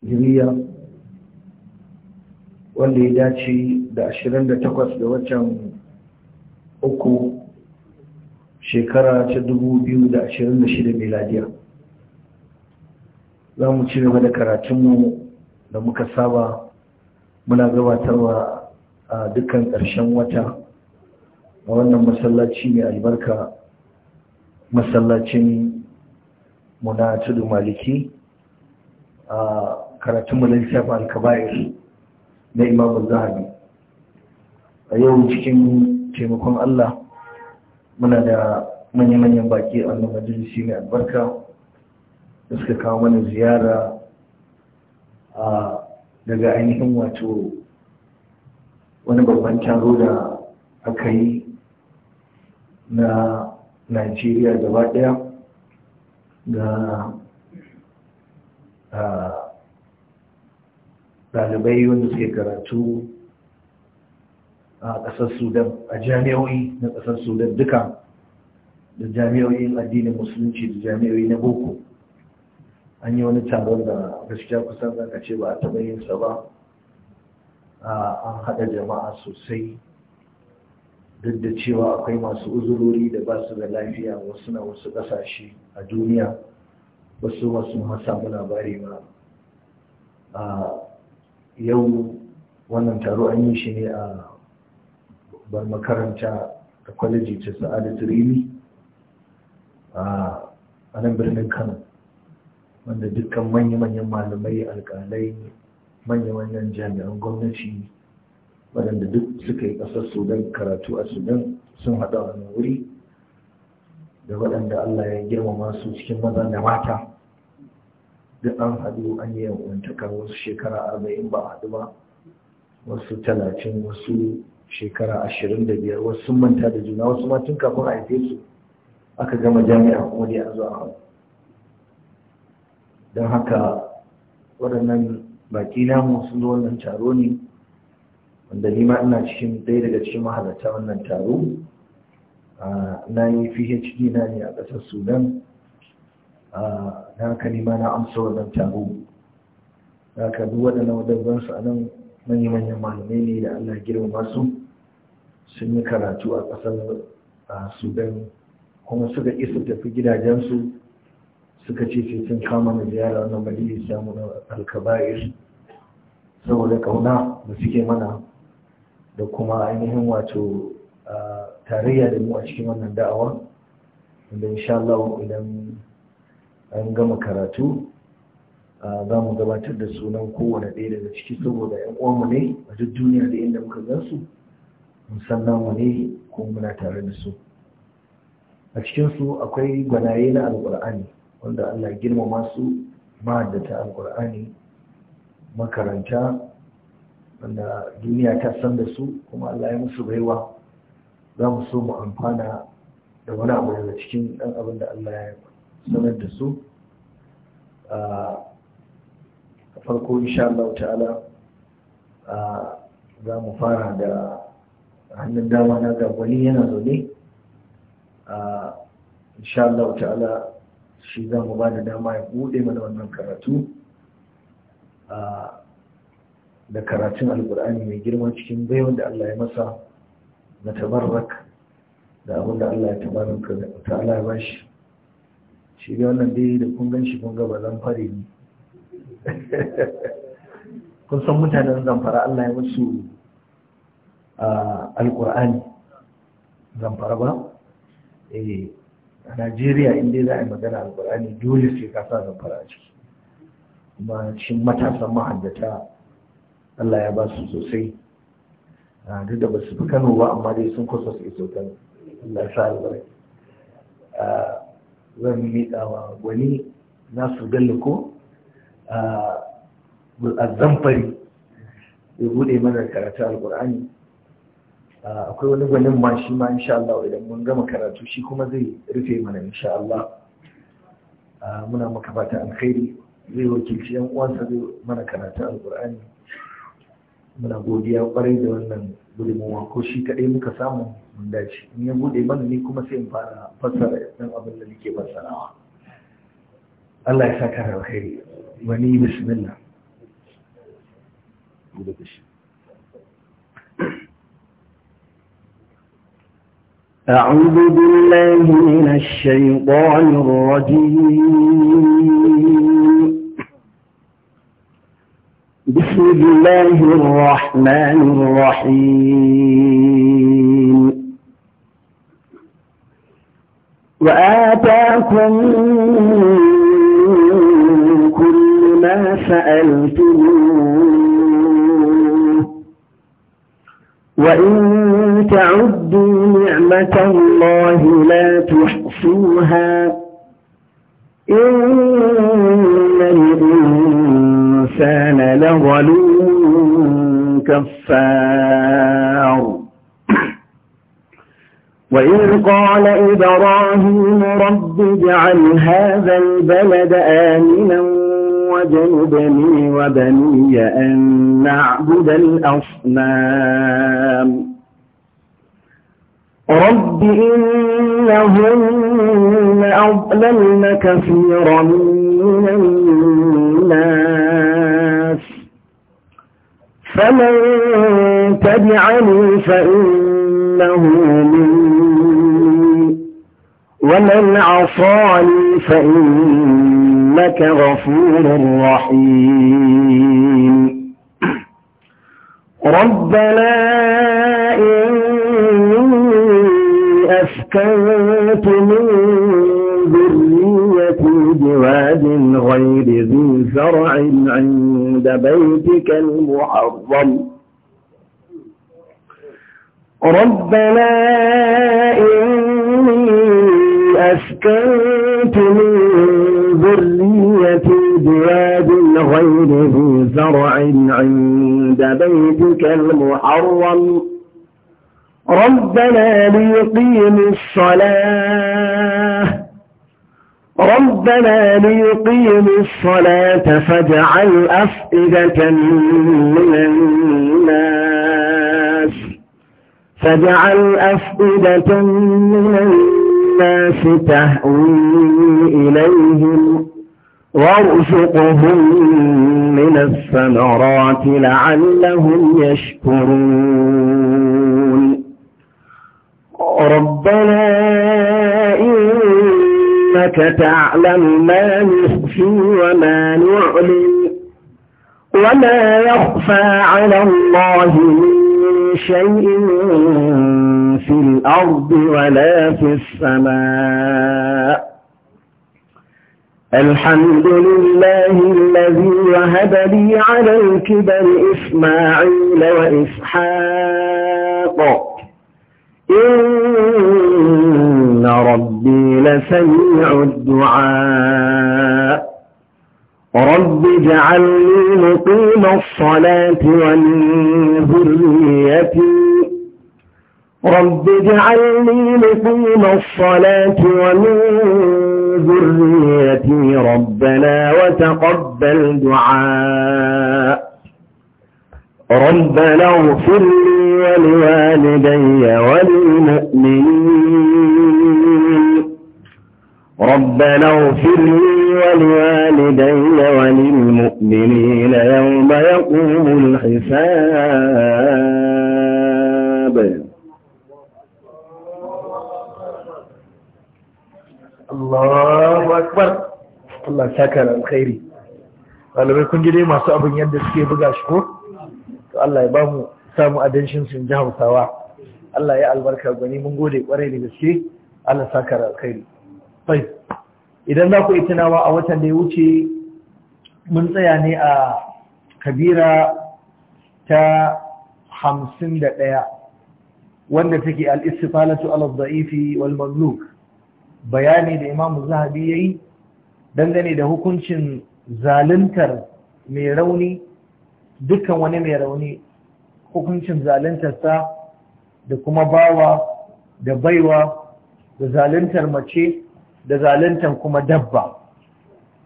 hijiriya wanda ya dace da 28 ga watan uku shekara ta 2026 miladiya za mu ci gaba da karatunmu da muka saba muna gabatarwa a dukkan ƙarshen wata a wannan masallaci mai albarka masallacin muna tudu maliki a karatun na littafin alkaba'ir na imamun zahari a yau cikin taimakon allah muna da manya-manyan baki a wannan majalisi mai albarka da suka kawo mana ziyara a daga ainihin wato wani babban taro da aka yi na najeriya gaba daya ga Dalibai wanda suke karatu a ƙasar sudan a jami'o'i na ƙasar sudan duka da jami'o'in addinin musulunci da jami'o'i na boko an yi wani taron da gaskiya kusan zaka ce ba a taɓa yin sa ba an haɗa jama'a sosai duk da cewa akwai masu uzurori da ba su da lafiya wasu na wasu ƙasashe a duniya wasu wasu samu labari ba yau wannan taro an yi shi ne a bar makaranta da kwaleji ta sa'adatu rimi a nan birnin kano wanda dukkan manya-manyan malamai alkalai manya-manyan jami'an gwamnati waɗanda duk suka yi ƙasar sudan karatu a sudan sun haɗa wani wuri da waɗanda allah ya girmama su cikin maza da mata duk an haɗu an yi yankuntakar wasu shekara arba'in ba haɗu ba wasu talatin wasu shekara ashirin da biyar wasu sun manta da juna wasu ma kafin a haife su aka gama jami'a kuma dai an zo a hau don haka waɗannan baƙi namu sun zo wannan taro ne wanda ni ma ina cikin ɗaya daga cikin mahalarta wannan taro ah, na yi phd na ne a ƙasar sudan na haka nima na amsa wannan taro da haka duk waɗannan wadannan su a nan manya-manyan malamai ne da allah girma su sun yi karatu a ƙasar sudan kuma suka isa tafi gidajensu suka ce sai sun kama na ziyara wannan malili samu na alkaba'ir saboda kauna da suke mana da kuma ainihin wato tarayya da mu a cikin wannan da'awa wanda insha Allah idan an gama karatu za mu gabatar da sunan kowane ɗaya daga ciki saboda yan uwanmu ne a duk duniya da inda muka gan gansu san namu ne ko muna tare da su a cikinsu akwai gwanaye na alƙur'ani wanda allah girmama su ta alƙur'ani makaranta wanda duniya ta san da su kuma allah ya musu baiwa za mu so mu amfana da wani abu daga cikin ɗan abin da allah ya yi sanar da su a farko insha Allah ta'ala za mu fara da hannun dama na gabani yana zaune insha Allah ta'ala shi za mu ba da dama ya bude mana wannan karatu da karatun alkur'ani mai girma cikin baiwan da Allah ya masa na tabarrak da abin da Allah ya tabaraka ta'ala ya bashi Shiga wannan dai da kun gan shi kun ga ba fare ne kun san mutanen zamfara Allah ya musu alkur'ani zamfara ba eh, a Najeriya inda za a yi magana alkur'ani dole sai ka sa zamfara a ciki kuma shi matasan mahaddata Allah ya ba su sosai duk da ba su fi Kano ba amma dai sun kusa su iso Kano Allah ya sa albarka zan miƙa wa gwani nasu ko? a zamfari ya buɗe mana karatu Al-ƙur'ani. akwai wani gwanin ma shi ma insha idan mun gama karatu shi kuma zai rufe mana insha Allah muna maka fata alkhairi zai wakilci yan uwansa zai mana karatu Al-ƙur'ani. muna godiya kwarai da wannan gudunmuwa ko shi kaɗai muka samu mun dace in ya bude mana ni kuma sai in fara fassara dan abin da nake fassarawa Allah ya saka da alkhairi wani bismillah أعوذ بالله من الشيطان الرجيم بسم الله الرحمن الرحيم وآتاكم كل ما سألتموه وإن تعدوا نعمة الله لا تحصوها إن الإنسان لظلوم كفار وإذ قال إبراهيم رب اجعل هذا البلد آمنا وجنبني وبني أن نعبد الأصنام رب إنهن أضللن كثيرا من الناس فمن تبعني فإنه من ومن عصاني فإنك غفور رحيم ربنا إني أسكنت من ذريتي بواد غير ذي زرع عند بيتك المحرم ربنا إني كنت من ذريتي بواد غير ذي زرع عند بيتك المحرم ربنا ليقيم الصلاة ربنا ليقيم الصلاة فاجعل أفئدة من الناس فاجعل أفئدة من الناس الناس تهوي إليهم وارزقهم من الثمرات لعلهم يشكرون ربنا إنك تعلم ما نخفي وما نعلم وما يخفى على الله من شيء في الأرض ولا في السماء الحمد لله الذي وهب لي على الكبر إسماعيل وإسحاق إن ربي لسميع الدعاء رب اجعلني مقيم الصلاة ومن ذريتي رب اجعلني مقيم الصلاة ومن ذريتي ربنا وتقبل دعاء ربنا اغفر لي ولوالدي وللمؤمنين ربنا اغفر لي ولوالدين وللمؤمنين يوم يقوم الحساب Allahu Akbar Allah saka da alkhairi ɗalibai kun ji dai masu abin yadda suke buga shi ko to Allah ya ba mu samu adanshin sun ji Hausawa Allah ya albarka gwani mun gode kwarai da gaske Allah saka da alkhairi idan za ku yi tunawa a watan da ya wuce mun tsaya ne a kabira ta hamsin da ɗaya wanda take al’isifalatu al'adda'ifi wal mamluk bayani da imamu zahabi ya yi dangane da hukuncin zaluntar mai rauni dukkan wani mai rauni hukuncin ta, da kuma bawa da baiwa da zaluntar mace da zaluntan kuma dabba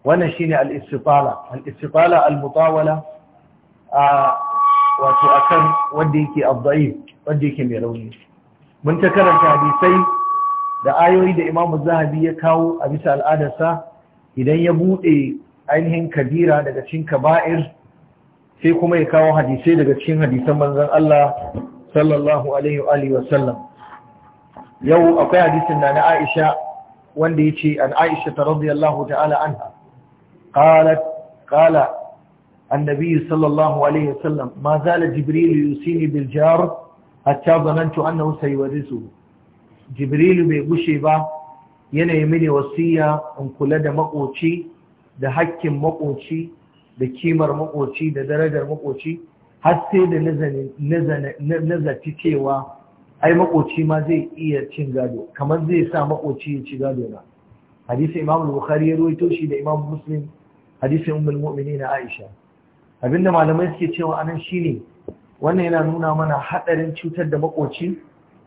wannan shine al-istitala al-istitala al-mutawala a wato akan wanda yake abdaif wanda yake mai rauni mun ta karanta hadisai da ayoyi da Imam Zahabi ya kawo a bisa al'adarsa idan ya bude ainihin kabira daga cikin kaba'ir sai kuma ya kawo hadisai daga cikin hadisan manzon Allah sallallahu alaihi wa sallam yau akwai hadisin da na Aisha wanda ya ce an aisha ta radiyallahu ta'ala anha ha.' Ƙala annabi sallallahu alaihi wasallam ma zala jibril yusini bil jar hatta zanantu annahu sayawrisu Jibrilu bai gushe ba yanayi mini wasiya in kula da makoci da hakkin makoci da kimar makoci da darajar makoci har sai da nazarci cewa ai makoci ma zai iya cin gado kamar zai sa makoci ya ci gado na hadisi imam bukhari ya rawaito shi da imam muslim hadisi ummul na aisha abinda malamai suke cewa anan shine wannan yana nuna mana hadarin cutar da makoci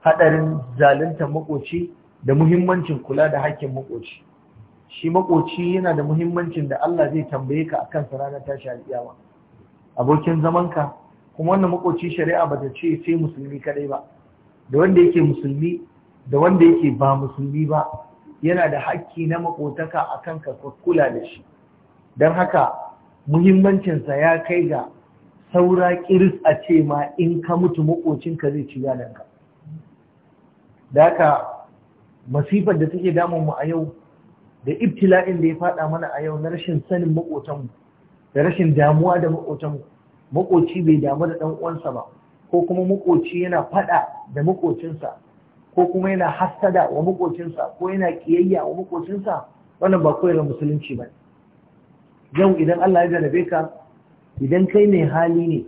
hadarin zalunta makoci da muhimmancin kula da hakkin makoci shi makoci yana da muhimmancin da Allah zai tambaye ka akan sa ranar tashi alƙiyama abokin zamanka kuma wannan makoci shari'a bata ce sai musulmi kadai ba da wanda yake musulmi da wanda yake ba musulmi ba yana da haƙƙi na makotaka a kan kula da shi don haka muhimmancinsa ya kai ga saura ƙiris a ce ma in ka mutu makocinka zai ci gadonka da haka masifar da take damunmu a yau da ibtila'in da ya faɗa mana a yau na rashin sanin makotanmu da rashin damuwa da makotanmu makoci bai damu da ɗan uwansa ba ko kuma makoci yana faɗa da makocinsa ko kuma yana hassada wa makocinsa ko yana kiyayya wa makocinsa wannan ba koyarwar musulunci ba yau idan Allah ya jarabe ka idan kai mai hali ne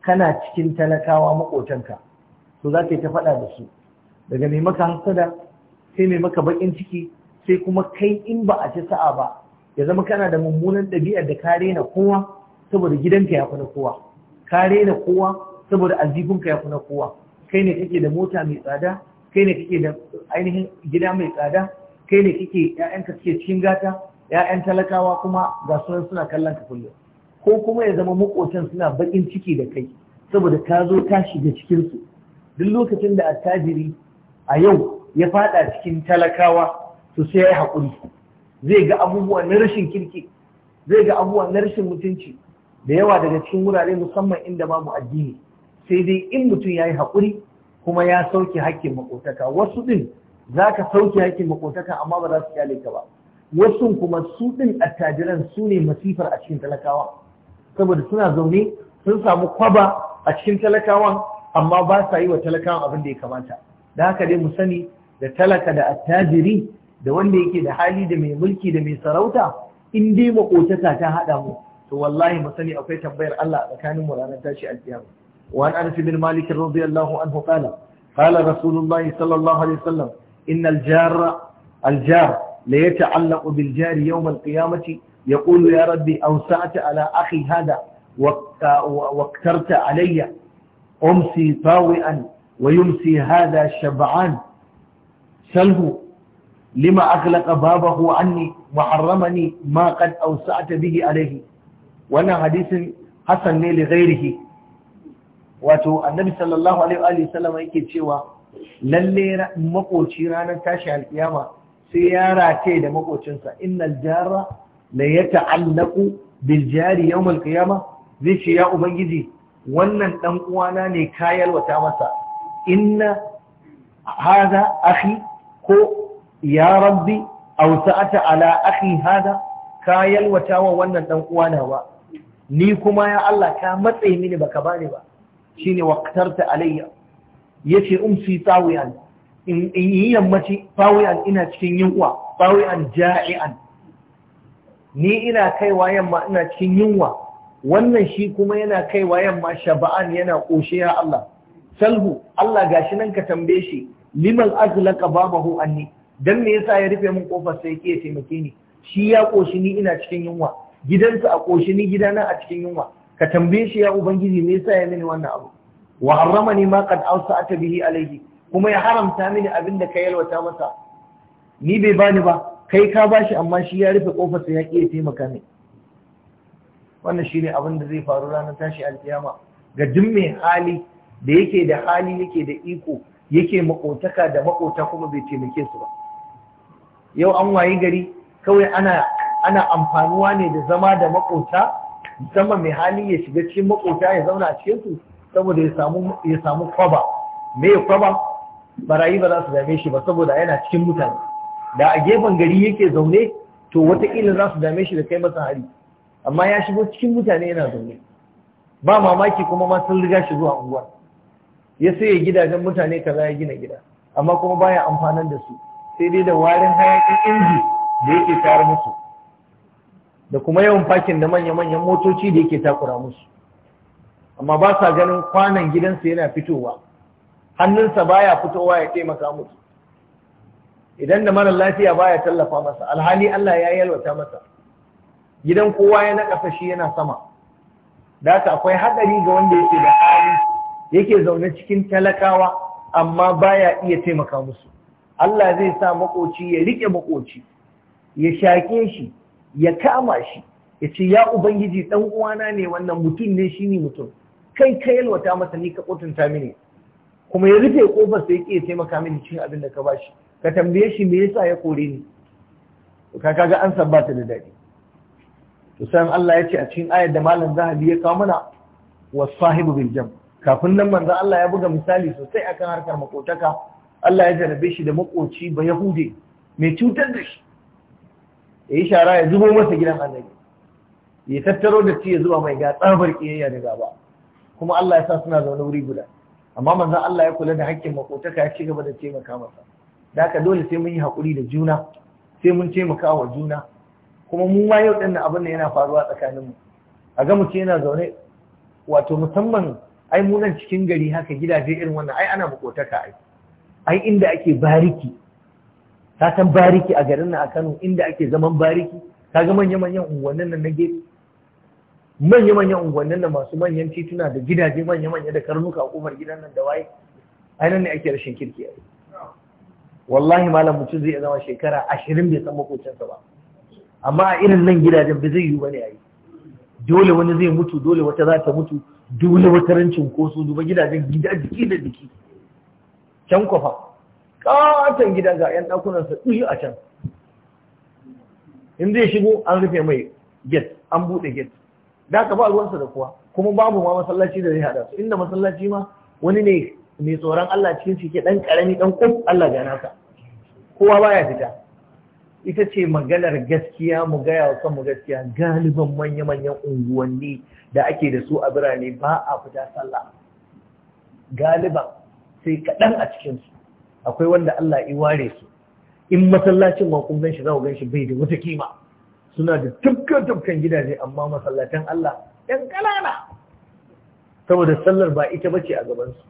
kana cikin talakawa makocinka to za ka yi ta faɗa da su daga mai maka hassada sai mai maka baƙin ciki sai kuma kai in ba a ci sa'a ba ya zama kana da mummunan ɗabi'ar da ka rena kowa saboda gidanka ya fi na kowa ka rena kowa saboda aljihunka ya kuna kowa kai ne kake da mota mai tsada kai ne kake da ainihin gida mai tsada kai ne kake ƴaƴanka suke cikin gata 'ya'yan talakawa kuma ga sunan suna kallon ka kullum ko kuma ya zama makotan suna baƙin ciki da kai saboda ka zo ta shiga cikin su duk lokacin da attajiri a yau ya fada cikin talakawa to sai ya yi haƙuri zai ga abubuwan na rashin kirki zai ga abubuwan na rashin mutunci da yawa daga cikin wurare musamman inda babu addini sai dai in mutum ya yi haƙuri kuma ya sauke haƙƙin makotaka wasu ɗin za ka sauke haƙƙin makotaka amma ba za su kyale ka ba wasu kuma su ɗin attajiran su ne masifar a cikin talakawa saboda suna zaune sun samu kwaba a cikin talakawa amma ba sa yi wa talakawan abin da ya kamata da haka dai mu sani da talaka da attajiri da wanda yake da hali da mai mulki da mai sarauta in dai makotaka ta haɗa mu to wallahi mu sani akwai tambayar Allah tsakanin mu ranar tashi alkiyama وعن أنس بن مالك رضي الله عنه قال قال رسول الله صلى الله عليه وسلم إن الجار الجار ليتعلق بالجار يوم القيامة يقول يا ربي أوسعت على أخي هذا واكترت علي أمسي طاوئا ويمسي هذا شبعان سله لما أغلق بابه عني وحرمني ما قد أوسعت به عليه وانا حديث حسن لغيره wato annabi sallallahu alaihi wa sallam yake cewa lalle makoci ranar tashi alkiyama sai ya rataye da makocinsa innal jarra la yata'allaqu bil jari yawm al qiyama zai ce ya ubangiji wannan dan uwana ne kayar wata masa inna hada akhi ko ya rabbi aw sa'ata ala akhi hadha kayal wata wa wannan dan uwana ba ni kuma ya Allah ka matsayi mini baka bani ba shine waktarta alayya yace umsi tawiyan in yi yammaci tawiyan ina cikin yunwa tawiyan ja'ian ni ina kaiwa yamma ina cikin yunwa wannan shi kuma yana kaiwa yamma shaba'an yana koshe ya Allah salhu Allah gashi nan ka tambaye shi liman azlaka babahu anni dan me yasa ya rufe min kofar sai ya taimake ni shi ya koshi ni ina cikin yunwa gidansa a koshi ni gidana a cikin yunwa ka tambaye shi ya ubangiji me yasa ya mini wannan abu wa harramani ma qad awsa'ata bihi alayhi kuma ya haramta mini abin da ka yalwata masa ni bai bani ba kai ka bashi amma shi ya rufe kofar sa ya kiyaye taimaka ne wannan shine abin da zai faru ranar tashi alkiyama ga duk mai hali da yake da hali yake da iko yake makotaka da makota kuma bai taimake su ba yau an wayi gari kawai ana ana amfanuwa ne da zama da makota musamman mai hali ya shiga cikin makota ya zauna a cikin su saboda ya samu kwaba me ya kwaba barayi ba za su dame shi ba saboda yana cikin mutane da a gefen gari yake zaune to wataƙila za su dame shi da kai masa hari amma ya shigo cikin mutane yana zaune ba mamaki kuma ma sun riga shi zuwa unguwa ya sai gidajen mutane kaza ya gina gida amma kuma baya amfanar da su sai dai da warin hayakin inji da yake tare musu da kuma yawan fakin da manya-manyan motoci da yake takura musu amma ba sa ganin kwanan gidansa yana fitowa hannunsa baya fitowa ya taimaka musu idan da mara lafiya baya tallafa masa alhali Allah ya yalwata masa gidan kowa ya na shi yana sama da haka akwai haɗari ga wanda yake da hali yake zaune cikin talakawa amma baya iya taimaka musu Allah zai sa makoci ya riƙe makoci ya shaƙe shi ya kama shi ya ce ya ubangiji dan uwana ne wannan mutum ne shi ne mutum kai ka yalwata masa ni ka kotunta mini kuma ya rufe kofar sai ya taimaka mini cin abin da ka bashi ka tambaye shi me yasa ya kore ni ka kaga an sabbata da dadi to sai Allah ya ce a cikin ayar da malam Zahabi ya kawo mana wa sahibu bil jam kafin nan manzo Allah ya buga misali sosai akan harkar makotaka Allah ya jarabe shi da makoci ba yahude mai cutar da shi ya yi shara ya zubo masa gidan annabi ya tattaro da ya zuba mai ga tsabar kiyayya da gaba kuma Allah ya sa suna zaune wuri guda amma manzon Allah ya kula da hakkin makotaka ya ci gaba da taimaka masa da haka dole sai mun yi hakuri da juna sai mun taimaka wa juna kuma mu ma yau dinnan abin da yana faruwa tsakanin mu a ga mutum yana zaune wato musamman ai mu nan cikin gari haka gidaje irin wannan ai ana makotaka ai ai inda ake bariki ka san bariki a garin nan a Kano inda ake zaman bariki ka ga manya-manyan unguwannin nan na gefe manya-manyan unguwannin nan masu manyan tituna da gidaje manya-manya da karnuka a kofar gidan nan da waye ainihin ne ake rashin kirki a wallahi malam mutum zai zama shekara ashirin bai san makocinsa ba amma a irin nan gidajen ba zai yiwu ba ne a yi dole wani zai mutu dole wata za ta mutu dole wata rancin ko su duba gidajen gida jiki da jiki can kwafa katon gida ga 'yan ɗakunansa ɗuyi a can in zai shigo an rufe mai get an buɗe get da ka ba ruwansa da kuwa kuma babu ma masallaci da zai haɗa su inda masallaci ma wani ne mai tsoron Allah cikin shi ke ɗan ƙarami ɗan ƙuf Allah ga nasa kowa baya fita ita ce maganar gaskiya mu gaya wa kanmu gaskiya galiban manya-manyan unguwanni da ake da su a birane ba a fita sallah galiban sai kaɗan a cikinsu akwai wanda Allah ya ware su in masallacin ma kun ganshi za ku ganshi bai da wata kima suna da dukkan dukkan gidaje amma masallatan Allah ɗan kalana saboda sallar ba ita bace a gaban su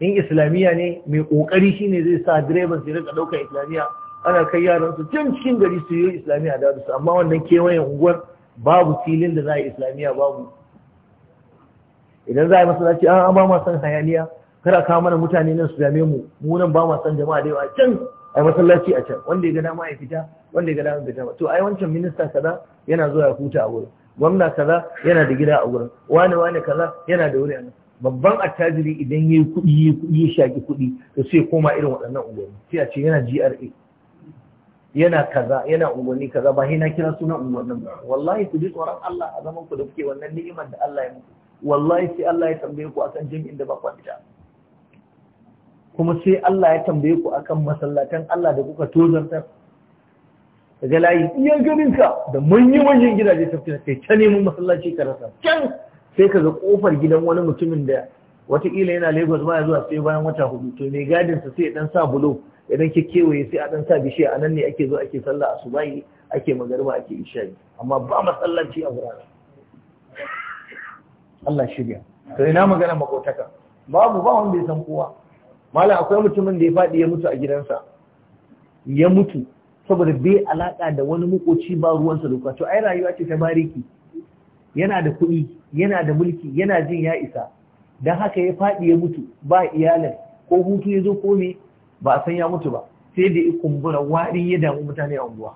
in islamiyya ne mai kokari shine zai sa direban su rika daukar islamiyya ana kai yaran su can cikin gari su yi islamiyya da su amma wannan kewayen unguwar babu filin da za a yi islamiyya babu idan za a yi masallaci an ba ma san hayaniya kar a kawo mana mutane nan su dame mu mu nan ba mu san jama'a da yawa can ai masallaci a can wanda ya ga dama ya fita wanda ya ga dama ya fita to ai wancan minista kaza yana zuwa ya huta a wurin gwamna kaza yana da gida a wurin wani wani kaza yana da wuri a nan babban attajiri idan ya yi kuɗi ya kuɗi ya shaki kuɗi to sai koma irin waɗannan ungwani sai a ce yana GRA yana kaza yana unguwanni kaza ba na kira sunan unguwannin ba wallahi ku ji tsoron Allah a zaman ku da kuke wannan ni'imar da Allah ya muku wallahi sai Allah ya tambaye ku akan jami'in da ba ku fita kuma sai Allah ya tambaye ku akan masallatan Allah da kuka tozarta daga layi iya ganin ka da manyan manyan gidaje ta fita sai ta neman masallaci ka rasa can sai ka ga kofar gidan wani mutumin da wataƙila yana Lagos ba ya zuwa sai bayan wata hudu to mai gadin sa sai ya dan sa bulo ya dan kekewaye sai a dan sa bishiya nan ne ake zo ake sallah asubahi ake magariba ake isha'i amma ba masallaci a wuraren Allah shirya to ina magana makotaka babu ba wanda ya san kowa mala akwai mutumin da ya faɗi ya mutu a gidansa ya mutu saboda bai alaƙa da wani makoci ba ruwansa doka to ai rayuwa ce ta bariki yana da kuɗi yana da mulki yana jin ya isa don haka ya faɗi ya mutu ba iyalin ko hutu ya zo ko me ba a san ya mutu ba sai da ya kumbura wari ya damu mutane a unguwa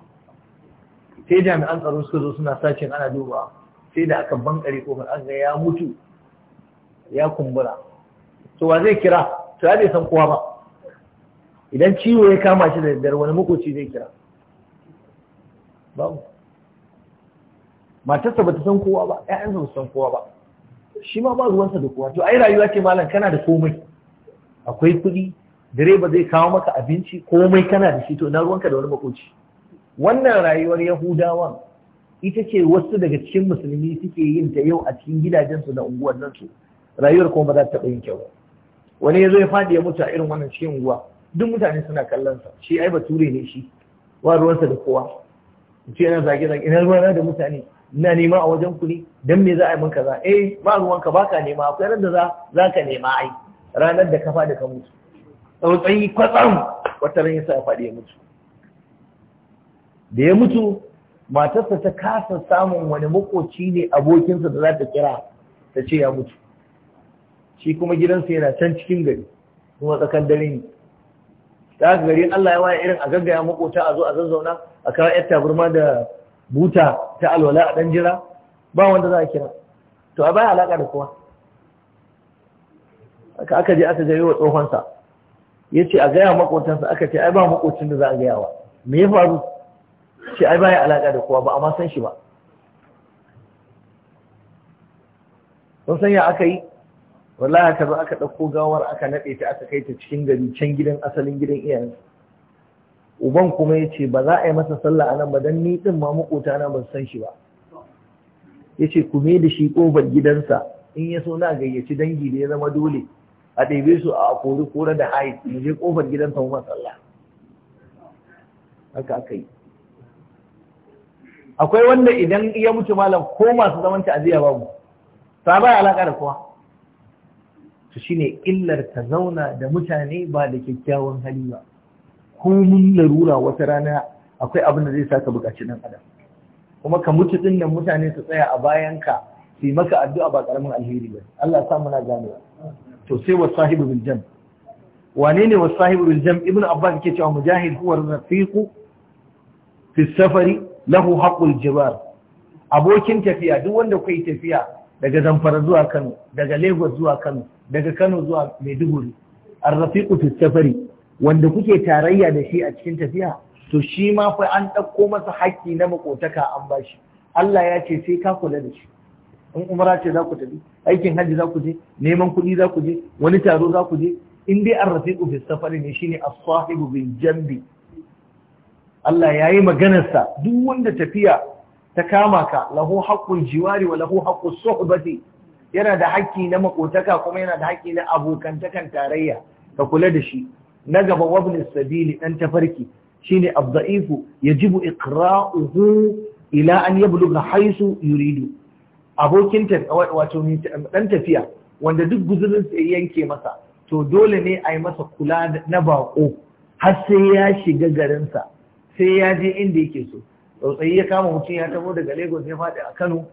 sai jami'an tsaro suka zo suna sacin ana duba sai da aka bankare kofar an ga ya mutu ya kumbura to wa zai kira to ya bai san kowa ba idan ciwo ya kama shi da daddare wani makoci zai kira babu matarsa ta san kowa ba ƴaƴansa ba san kowa ba shi ma ba ruwansa da kowa to ai rayuwa ce malam kana da komai akwai kuɗi direba zai kawo maka abinci komai kana da shi to na ruwanka da wani makoci wannan rayuwar yahudawan ita ce wasu daga cikin musulmi suke yin ta yau a cikin gidajensu na su. rayuwar kuma ba za ta taɓa yin kyau ba wani ya zo ya faɗi ya mutu a irin wannan cikin unguwa duk mutane suna kallon sa shi ai bature ne shi wa ruwansa da kowa ce yana zage zage ina ruwana da mutane ina nema a wajen ku ne dan me za a yi min kaza eh ba ruwanka baka nema akwai ran da za ka nema ai ranar da ka faɗi ka mutu tsautsayi kwatsam wata ran yasa ya faɗi ya mutu da ya mutu matarsa ta kasa samun wani makoci ne abokinsa da za ta kira ta ce ya mutu shi kuma gidansa yana can cikin gari kuma tsakan dare ne ta gari Allah ya waya irin a gaggaya makota a zo a zazzauna a kawo yar taburma da buta ta alwala a dan jira ba wanda za a kira to a baya alaka da kowa aka aka je aka jayo wa sa. ya ce a gaya sa aka ce ai ba makocin da za a gaya wa me ya faru Shi ai baya alaka da kowa ba amma san shi ba sun sanya aka yi wallahi aka zo aka ɗauko gawar aka naɗe ta aka kai ta cikin gari can gidan asalin gidan iyayen uban kuma ya ce ba za a yi masa sallah a nan ba don ni ɗin ma makota na san shi ba ya ce ku da shi ƙofar gidansa in ya so na gayyaci dangi da ya zama dole a ɗebe su a kori kora da hayi mu je ƙofar gidansa mu sallah haka aka yi akwai wanda idan ya mutu malam ko masu zaman ta'aziyya babu ta baya alaka da kowa su shine illar ka zauna da mutane ba da kyakkyawan hali ba mun larura wata rana akwai abin da zai sa ka buƙaci ɗan adam kuma ka mutu ɗin nan mutane su tsaya a bayan ka su yi maka addu'a ba ƙaramin alheri ba Allah sa muna ganewa to sai wa sahibu bil jam wane ne wa sahibu bil jam ibnu abbas yake cewa mujahid huwa rafiqu fi safari lahu haqqul jibar abokin tafiya duk wanda kai tafiya daga zamfara zuwa kano daga lagos zuwa kano daga Kano zuwa Maiduguri rafiqu fi safari wanda kuke tarayya da shi a cikin tafiya to shi ma fa an ɗauko masa haƙƙi na makotaka an bashi Allah ya ce sai ka kula da shi in umara ce za ku tafi aikin hajji za ku je neman kuɗi za ku je wani taro za ku je in dai ar rafiqu fi safari ne shine as-sahibu bil jambi Allah ya yayi maganarsa duk wanda tafiya ta kama ka lahu haqqul jiwari wa lahu haqqus suhbati yana da haƙƙi na maƙotaka kuma yana da haƙƙi na abokantakan tarayya ka kula da shi na gaba Wabin sabili dan tafarki shine abda'ifu yajibu iqra'uhu ila an ga haisu yuridu abokin wato dan tafiya wanda duk guzurin sa yanke masa to dole ne a yi masa kula na baƙo. har sai ya shiga garinsa sai ya je inda yake so tsautsayi ya kama mutum ya taɓo daga lagos ya faɗi a kano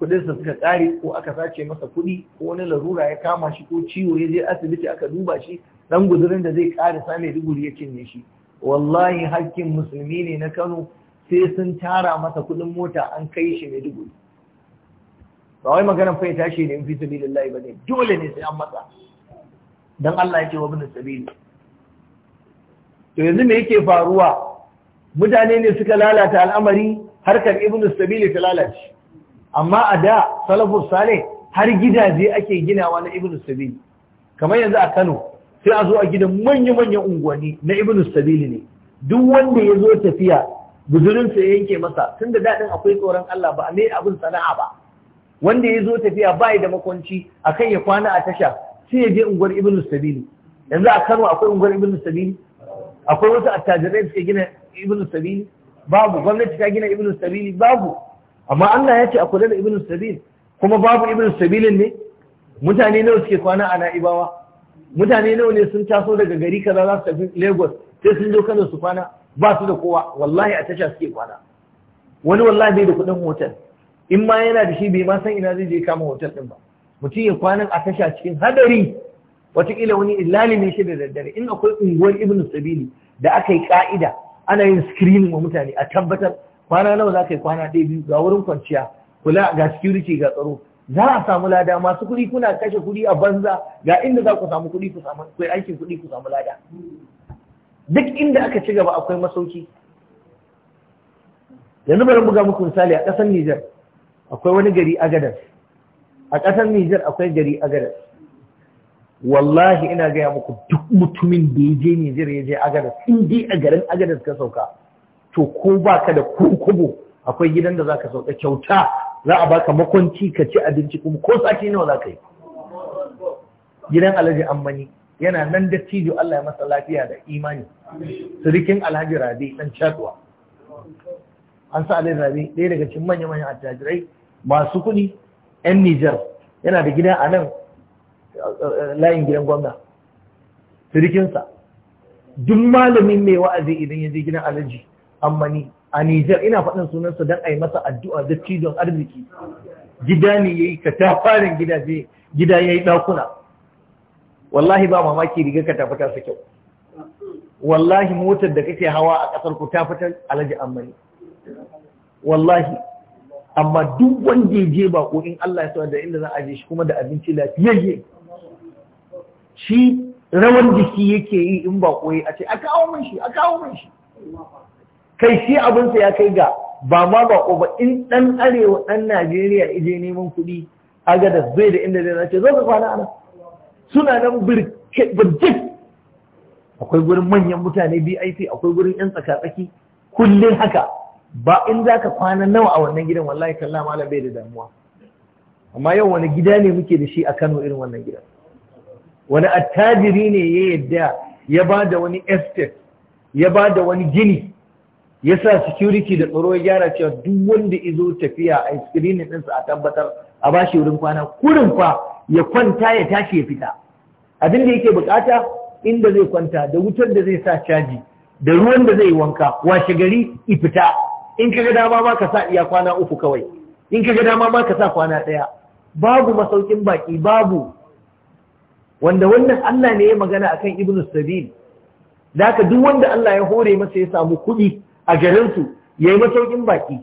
kudin suka ƙare ko aka sace masa kudi ko wani larura ya kama shi ko ciwo ya je asibiti aka duba shi dan guzurin da zai kare mai duguri ya cinye shi wallahi hakkin musulmi ne na Kano sai sun tara masa kudin mota an kai shi mai duguri ba wai maganar fa ya tashi ne in fi ba ne? dole ne sai an matsa dan Allah ya ce wa bin sabili to yanzu me yake faruwa mutane ne suka lalata al'amari harkar ibn sabili ta lalace amma a da salafus sale har gidaje ake ginawa na ibn sabili kamar yanzu a Kano sai a zo a gidan manya-manyan unguwanni na ibn sabili ne duk wanda ya zo tafiya buzurinsa ya yanke masa tunda daɗin akwai tsoron Allah ba a mai abin sana'a ba wanda ya zo tafiya ba da makwanci akan ya kwana a tasha sai ya je unguwar ibn sabili yanzu a Kano akwai unguwar ibn sabili akwai wasu attajirai da suke gina ibn sabili babu gwamnati ta gina ibn sabili babu amma Allah ya ce a kula da ibn sabil kuma babu ibn sabilin ne mutane nawa suke kwana a na'ibawa mutane nawa ne sun taso daga gari kaza za su tafi Lagos sai sun zo Kano su kwana ba su da kowa wallahi a tasha suke kwana wani wallahi bai da kuɗin hotel in ma yana da shi bai ma san ina zai je kama hotel din ba mutum ya kwana a tasha cikin hadari watakila wani illali ne shi da daddare in akwai unguwar ibn sabili da aka yi ka'ida ana yin screening wa mutane a tabbatar kwana nawa za ka yi kwana ɗaya biyu ga wurin kwanciya kula ga security ga tsaro za a samu lada masu kuɗi kuna kashe kuɗi a banza ga inda za ku samu kuɗi ku samu akwai aikin kuɗi ku samu lada duk inda aka ci gaba akwai masauki yanzu bari buga muku misali a ƙasar Nijar akwai wani gari Agadez a ƙasar Nijar akwai gari Agadez wallahi ina gaya muku duk mutumin da ya je Nijar ya je Agadez in dai a garin Agadez ka sauka to ko baka da kubo akwai gidan da zaka sauka kyauta za a baka makwanci ka ci abinci kuma ko sati nawa zaka yi gidan alhaji ammani yana nan da cijo Allah ya masa lafiya da imani sirikin alhaji rabi dan chatwa an sa alhaji rabi ɗaya daga cikin manya manyan attajirai masu kuɗi yan Nijar yana da gida a nan layin gidan gwamna sirikinsa duk malamin mai wa'azi idan ya je gidan alhaji ammani a Nijar ina faɗin sunansa don a yi masa addu'a da cizon arziki gida ne ya yi ka tafarin gidaje gida ya yi ɗakuna wallahi ba mamaki riga ka tafi su kyau wallahi motar da kake hawa a ƙasar ku ta alaji alhaji ammani wallahi amma duk wanda ya je ba in Allah ya da inda za a je shi kuma da abinci lafiyayye shi rawan jiki yake yi in ba koyi a ce a kawo min shi a kawo min shi kai shi abinsa ya kai ga ba ma ko ba in dan arewa dan najeriya ije neman kuɗi agadas bai da inda zai zace zo ka kwana ana suna nan birjik akwai gurin manyan mutane bip akwai gurin yan tsakatsaki kullum haka ba in za ka kwana nawa a wannan gidan wallahi kalla malam bai da damuwa amma yau wani gida ne muke da shi a kano irin wannan gidan wani attajiri ne ya yadda ya ba da wani estate ya ba da wani gini ya sa security da tsaro ya gyara cewa duk wanda izo tafiya a screening ɗinsa a tabbatar a ba shi wurin kwana kurin fa ya kwanta ya tashi ya fita abin da yake bukata inda zai kwanta da wutar da zai sa caji da ruwan da zai wanka washe gari i fita in ka ga dama ba ka sa iya kwana uku kawai in ka ga dama ba ka sa kwana ɗaya babu masaukin baki babu wanda wannan Allah ne ya magana akan ibnu Sabil da duk wanda Allah ya hore masa ya samu kuɗi a garinsu ya yi masaukin baƙi.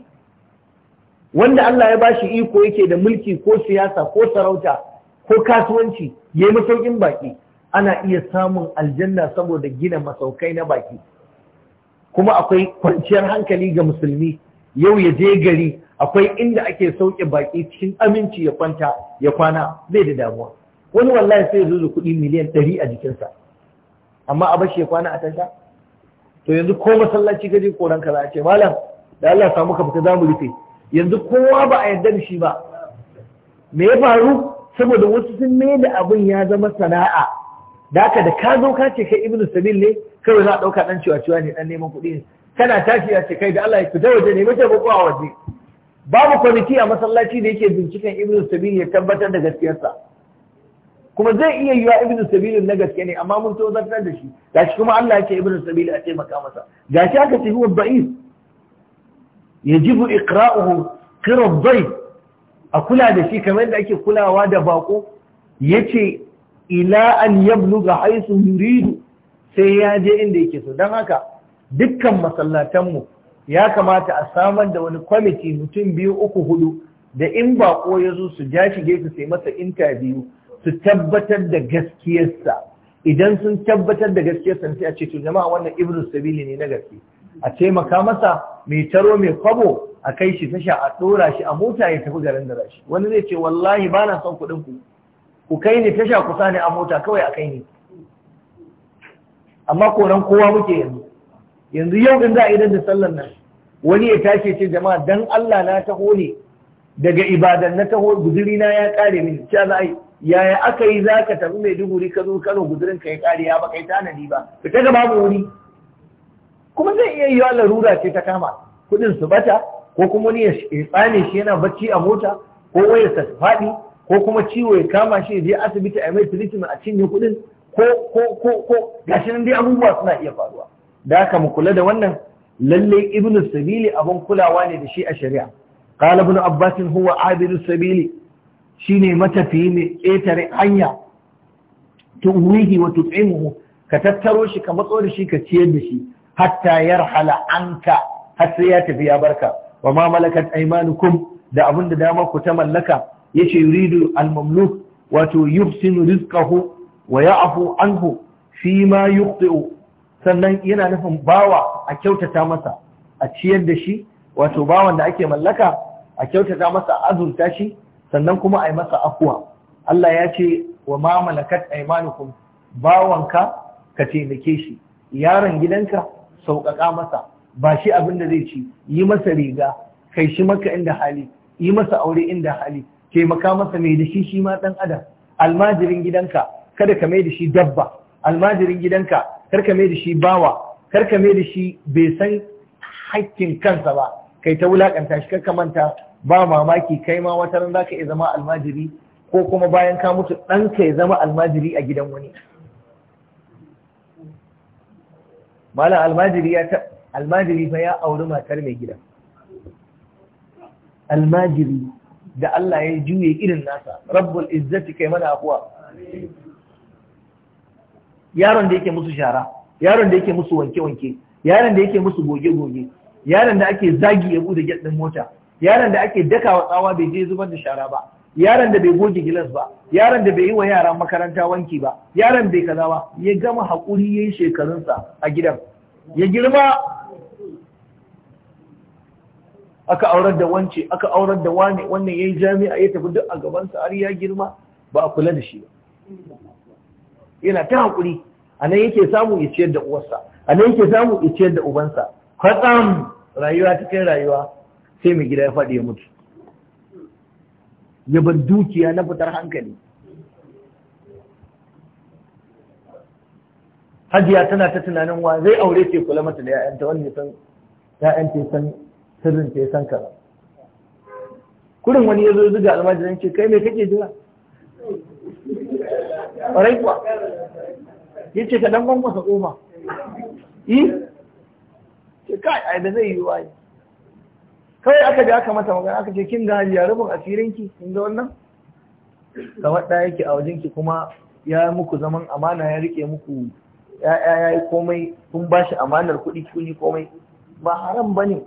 wanda Allah ya ba shi iko yake da mulki ko siyasa ko sarauta ko kasuwanci ya yi masaukin baƙi, ana iya samun aljanna saboda gina masaukai na baƙi. kuma akwai kwanciyar hankali ga musulmi yau ya je gari akwai inda ake sauke baƙi cikin aminci ya kwanta ya kwana zai da damuwa wani wallahi sai ya zo da kuɗi miliyan ɗari a jikinsa amma a bashi ya kwana a tasha to yanzu ko masallaci kaje koran ka za a ce malam da Allah samu ka fita zamu rufe yanzu kowa ba a yarda da shi ba me ya faru saboda wasu sun mai da abin ya zama sana'a da haka da ka zo ka ce kai ibnu sabil ne kawai za a dauka dan ciwa ciwa ne dan neman kuɗi kana tashi ya ce kai da Allah ya fita waje ne mace ko a waje babu kwamiti a masallaci da yake binciken ibnu sabil ya tabbatar da gaskiyarsa kuma zai iya yiwa ibnu sabilin na gaske ne amma mun tozartar da shi Ga shi kuma Allah ya ce ibnu a taimaka masa Ga shi aka ce huwa da'if yajibu iqra'uhu qira da'if a kula da shi kamar yadda ake kulawa da bako yace ila an yabluga haythu yuridu sai ya je inda yake so dan haka dukkan masallatan mu ya kamata a samar da wani kwamiti mutum biyu uku hudu da in bako ya zo su ja shi gefe sai masa interview su tabbatar da gaskiyarsa idan sun tabbatar da gaskiyarsa sai a ce to jama'a wannan ibnu sabili ne na gaske a taimaka masa mai taro mai kwabo a kai shi tasha a ɗora shi a mota ya tafi garin da rashi wani zai ce wallahi ba na son kuɗin ku ku kai ni tasha ku sani a mota kawai a kai ni amma koran kowa muke yanzu yanzu yau din za a idan da sallan nan wani ya tashi ce jama'a dan Allah na taho ne daga ibadan na taho guzuri na ya kare mini cewa za a yi yaya aka yi za ka tafi mai duguri ka zo kano guzurin ka ya kare ya baka yi tanadi ba fita ga babu wuri kuma zai iya yiwa larura ce ta kama kudin su bata ko kuma wani ya tsane shi yana bacci a mota ko wayar ta faɗi ko kuma ciwo ya kama shi ya je asibiti a mai treatment a cinye kudin ko ko ko ko gashi nan dai abubuwa suna iya faruwa da haka mu kula da wannan lallai ibnu sabili abun kulawa ne da shi a shari'a qala ibnu abbasin huwa abidu sabili shine matafiyi mai ƙetare hanya tuwihi wa tut'imuhu ka tattaro shi ka matso da shi ka ciyar da shi hatta yarhala anka har sai ya tafi ya barka wa ma malakat aymanukum da abin da dama ku ta mallaka yace yuridu al-mamluk wato yuhsinu rizqahu wa ya'fu anhu fi ma yuqti'u sannan yana nufin bawa a kyautata masa a ciyar da shi wato bawan da ake mallaka a kyautata masa azurta shi sannan kuma a masa afuwa Allah ya ce wa ma malakat aymanukum bawanka ka taimake shi yaron gidanka sauƙaƙa masa ba shi abin da zai ci yi masa riga kai shi maka inda hali yi masa aure inda hali taimaka masa mai da shi shi ma ɗan adam almajirin gidanka kada ka mai da shi dabba almajirin gidanka kar ka mai da shi bawa kar ka mai da shi bai san haƙƙin kansa ba kai ta wulaƙanta shi ka manta ba mamaki kai ma wata ran zaka iya zama almajiri ko kuma bayan ka mutu ka ya zama almajiri a gidan wani malam almajiri ya taɓa almajiri fa ya auri matar mai gida almajiri da Allah ya juye irin nasa rabbul izzati kai mana akuwa yaron da yake musu shara yaron da yake musu wanke-wanke yaron da yake musu goge-goge yaron da ake zagi ya bude gate mota yaron da ake dakawa tsawa bai je zubar da shara ba yaron da bai goge gilas ba yaron da bai yi wa yara makaranta wanki ba yaron bai kaza ba ya gama haƙuri ya yi shekarunsa a gidan ya girma aka aurar da wance aka aurar da wane wannan ya yi jami'a ya tafi duk a gabansa har ya girma ba a kula da shi yana ta haƙuri a nan yake samu ya ciyar da uwarsa a nan yake samu ya ciyar da ubansa kwatsam rayuwa cikin rayuwa sai mai gida ya faɗi ya mutu ya bar dukiya na fitar hankali hajiya tana ta tunanin wa zai aure ce kula mata da ya'yanta wani ya san ya'yanta san sirrin ta san kaza kurin wani ya zo zuga almajirin ce kai mai kake jira ƙwarai kuwa ya ce ka dan ban masa ƙoma yi eh? ce kai ai da zai yi wa ne kawai aka ji aka mata magana aka ce kin ga hajiya a firinki kin ga wannan kamar ɗaya yake a wajenki kuma ya yi muku zaman amana ya rike muku ya'ya ya yi komai kun ba shi amanar kuɗi kun komai ba haram ba ne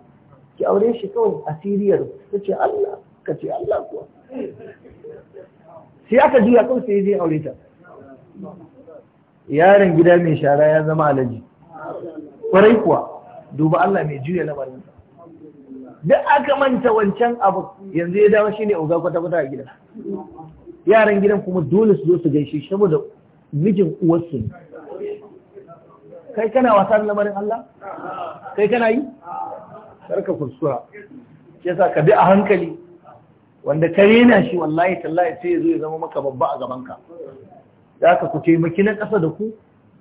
ki aure shi kawai a firiyar ta ce Allah ka ce Allah kuwa sai aka juya kawai sai zai aure ta yaron gida mai shara ya zama alaji kwarai kuwa duba Allah mai juya lamarin duk aka manta wancan abu yanzu ya dawo shine uga kwata kwata a gida yaran gidan kuma dole su zo su gaishe saboda mijin uwarsu ne kai kana wasa da lamarin Allah kai kana yi sarka Ya sa ka bi a hankali wanda ka rena shi wallahi tallahi sai ya zo ya zama maka babba a gabanka da aka ku taimaki na ƙasa da ku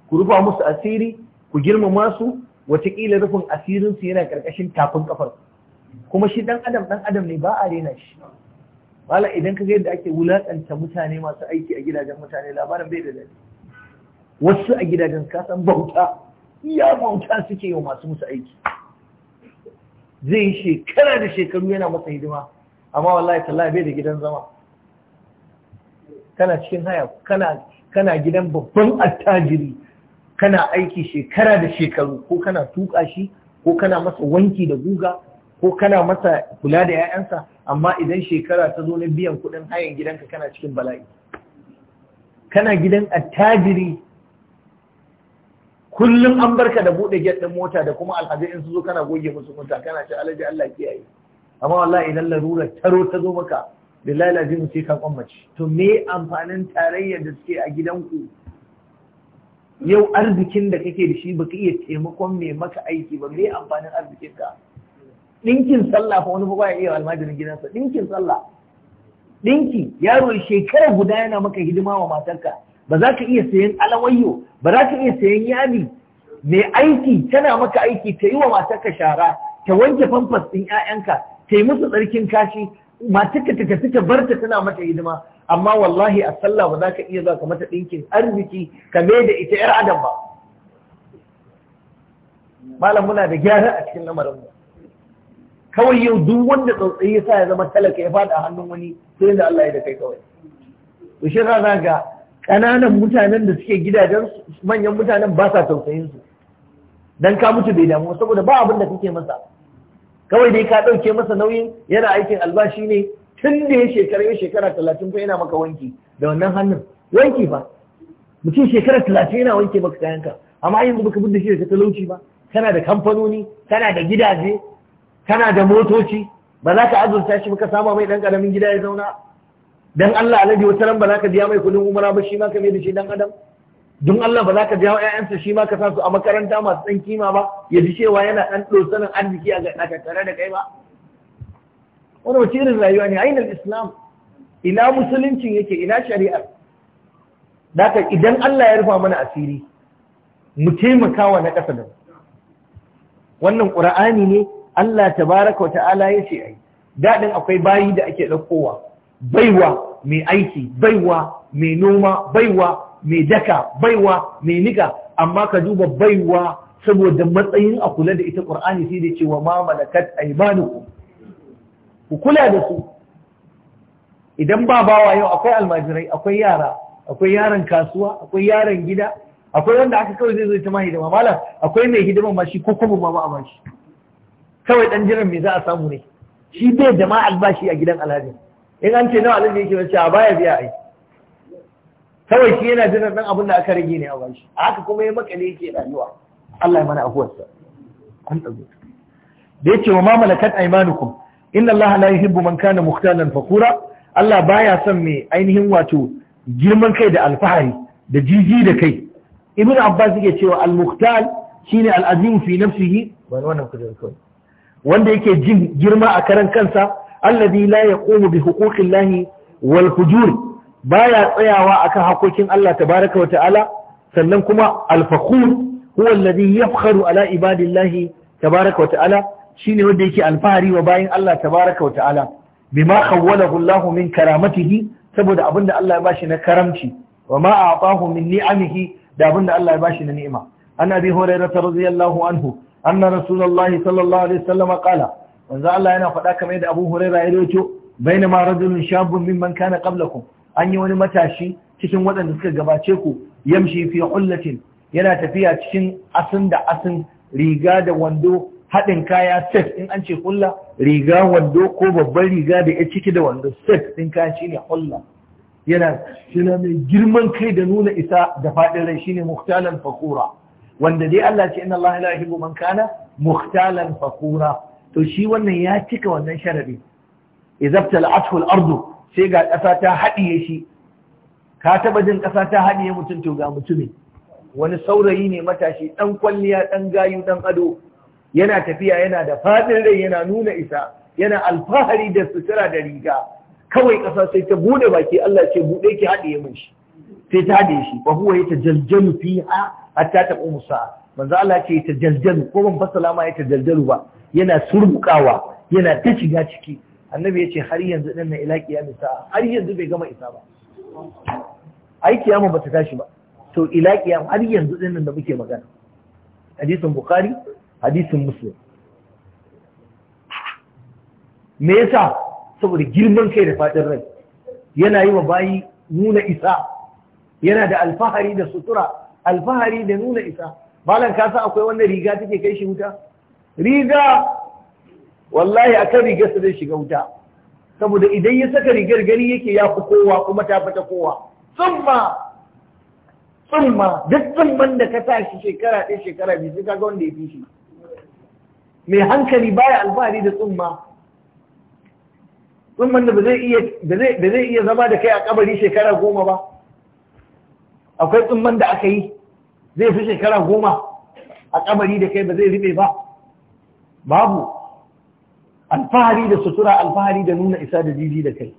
ku rufa musu asiri ku girmama su wataƙila rufin asirinsu yana ƙarƙashin tafin ƙafar kuma shi ɗan adam ɗan adam ne ba a rena shi wala idan ka yadda ake wulaƙanta mutane masu aiki a gidajen mutane labarin bai da dadi wasu a gidajen kasan bauta iya bauta suke yi masu musu aiki zai yi shekara da shekaru yana masa hidima amma wallahi tallahi bai da gidan zama kana cikin haya kana kana gidan babban attajiri kana aiki shekara da shekaru ko kana tuka shi ko kana masa wanki da guga ko kana masa kula da 'ya'yansa amma idan shekara ta zo na biyan kuɗin hayan gidanka kana cikin bala'i kana gidan attajiri kullum an barka da buɗe gate ɗin mota da kuma alhaji in su zo kana goge musu mota kana ce alaji Allah kiyaye amma wallahi idan larura taro ta zo maka billahi lazimu sai ka kwammace to me amfanin tarayyar da suke a gidanku yau arzikin da kake da shi baka iya taimakon mai maka aiki ba mai amfanin arzikin ka dinkin sallah fa wani ba ya iya almajirin gidansa dinkin sallah dinki yaro shekara guda yana maka hidima wa matarka ba za ka iya sayan alawayyo ba za ka iya sayan yadi mai aiki tana maka aiki ta yi wa matarka shara ta wanke famfas ɗin 'ya'yanka ta yi musu tsarkin kashi cika ka cika bar ta barta tana mata hidima amma wallahi a sallah ba za ka iya za ka mata ɗinkin arziki ka mai da ita ‘yar adam ba malam muna da gyara a cikin lamarin mu kawai yau duk wanda tsautsayi ya sa ya zama talaka ya fada hannun wani sai da Allah ya da kai kawai to shi za ga ƙananan mutanen da suke gidajen manyan mutanen ba sa tausayin su dan ka mutu bai damu saboda ba abin da kake masa kawai dai ka ɗauke masa nauyin yana aikin albashi ne tun da ya shekara ya shekara talatin ko yana maka wanki da wannan hannun wanki ba mutum shekara talatin yana wanke maka kayanka amma yanzu baka bude shi da talauci ba kana da kamfanoni kana da gidaje kana da motoci ba za ka azurta shi ba ka sama mai ɗan ƙaramin gida ya zauna dan Allah alaji wata ran ba za ka biya mai kuɗin umara ba shi ma ka mai da shi dan adam don Allah ba za ka jawo 'ya'yansa shi ma ka sa su a makaranta masu ɗan kima ba ya ji cewa yana ɗan ɗosanin arziki a ga tattare da kai ba wani wace irin rayuwa ne ainihin islam ina musuluncin yake ina shari'ar Daka idan Allah ya rufa mana asiri mu taimaka wa na ƙasa da wannan ƙura'ani ne Allah tabaraka wa ta'ala ya ce ai daɗin akwai bayi da ake ɗaukowa baiwa mai aiki baiwa mai noma baiwa mai daka baiwa mai niga amma ka duba baiwa saboda matsayin a kula da ita qur'ani sai da cewa ma malakat aymanukum ku kula da su idan ba bawa yau akwai almajirai akwai yara akwai yaran kasuwa akwai yaran gida akwai wanda aka kawai zai zo ta mai da mamala akwai mai hidiman ma shi ko kuma ba ba kawai dan jiran me za a samu ne shi bai da ma albashi a gidan alhaji in an ce nawa alhaji yake wace a baya biya ai kawai shi yana jiran dan abin da aka rage ne a bashi a haka kuma ya makale yake rayuwa Allah ya mana afuwarsa an tsago da yace wa ma malakat aymanukum inna Allah la yuhibbu man kana mukhtalan fakura Allah baya son me ainihin wato girman kai da alfahari da jiji da kai ibn abbas yake cewa al-mukhtal shine al-azim fi nafsihi wani wannan kujerar kawai wanda yake jin girma a karan kansa alladhi la yaqumu bi huquqillahi wal hujur baya tsayawa akan hakokin Allah tabaraka wa ta'ala sannan kuma al-fakhur huwa alladhi yafkharu ala ibadillahi tabaraka wa ta'ala shine wanda yake alfahari wa bayan Allah tabaraka wa ta'ala bima khawwalahu Allah min karamatihi saboda abinda Allah ya bashi na karamci wa ma a'tahu min ni'amihi da abinda Allah ya bashi na ni'ima an abi hurairah radiyallahu anhu anna rasulullahi sallallahu alaihi wasallam qala wanzu Allah yana faɗa kamar yadda Abu horaira ya rawaito bainama rajulun shabun mimman kana qablakum an yi wani matashi cikin waɗanda suka gabace ku yamshi fi hullatin yana tafiya cikin asin da asin riga da wando haɗin kaya set in an ce hulla riga wando ko babban riga da ya ciki da wando set ɗin kaya shine hulla yana mai girman kai da nuna isa da faɗin rai ne muhtalan fakura wanda dai Allah ce inna Allah la yuhibbu man kana muhtalan fakura to shi wannan ya cika wannan sharadi idza tal'athu al-ardu sai ga ƙasa ta haɗiye shi ka taɓa jin ƙasa ta haɗiye mutum to ga mutumin wani saurayi ne matashi ɗan kwalliya ɗan gayu ɗan ado yana tafiya yana da faɗin rai yana nuna isa yana alfahari da sutura da riga kawai ƙasa sai ta buɗe baki Allah ce buɗe ki haɗiye mun shi sai ta haɗiye shi ba huwa ta jaljalu ha hatta ta musa manzo Allah ce ta jaljalu ko ban fassala ma ya ta jaljalu ba yana surbukawa yana ta shiga ciki annabi ya ce har yanzu ɗan na ila kiyamin sa'a har yanzu bai gama isa ba ai kiyama ba ta tashi ba to ila kiyama har yanzu ɗan nan da muke magana hadisin bukhari hadisin muslim me yasa saboda girman kai da fadin rai yana yi wa bayi nuna isa yana da alfahari da sutura alfahari da nuna isa malam ka san akwai wannan riga take kai shi wuta riga wallahi a kan rigarsa zai shiga wuta saboda idan ya saka rigar gani yake ya fi kowa kuma ta fata kowa tsumma tsumma duk tsumman da ka tashi shekara ɗaya shekara biyu sai kaga wanda ya fi shi mai hankali baya alfahari da tsumma tsumman da ba zai iya zama da kai a kabari shekara goma ba akwai tsumman da aka yi zai fi shekara goma a kabari da kai ba zai riɓe ba babu alfahari da sutura alfahari da nuna isa da jiji da kai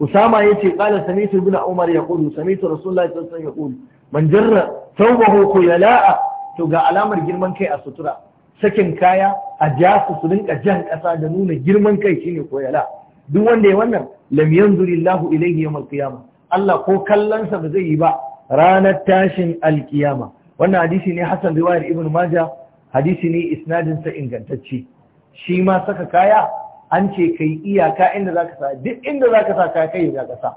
usama ya ce, qala samitu ibn umar yaqulu samitu rasulullahi sallallahu alaihi wasallam yaqulu man jarra thawbahu khuyala'a to ga alamar girman kai a sutura sakin kaya a jasu su rinka jan kasa da nuna girman kai shine koyala duk wanda ya wannan lam yanzurillahu ilayhi yawm alqiyama Allah ko kallonsa ba zai yi ba ranar tashin alkiyama wannan hadisi ne hasan riwayar ibn majah hadisi ne isnadinsa ingantacce shi ma saka kaya an ce ka yi iyaka inda za ka sa duk inda za ka sa kaya kai ja kasa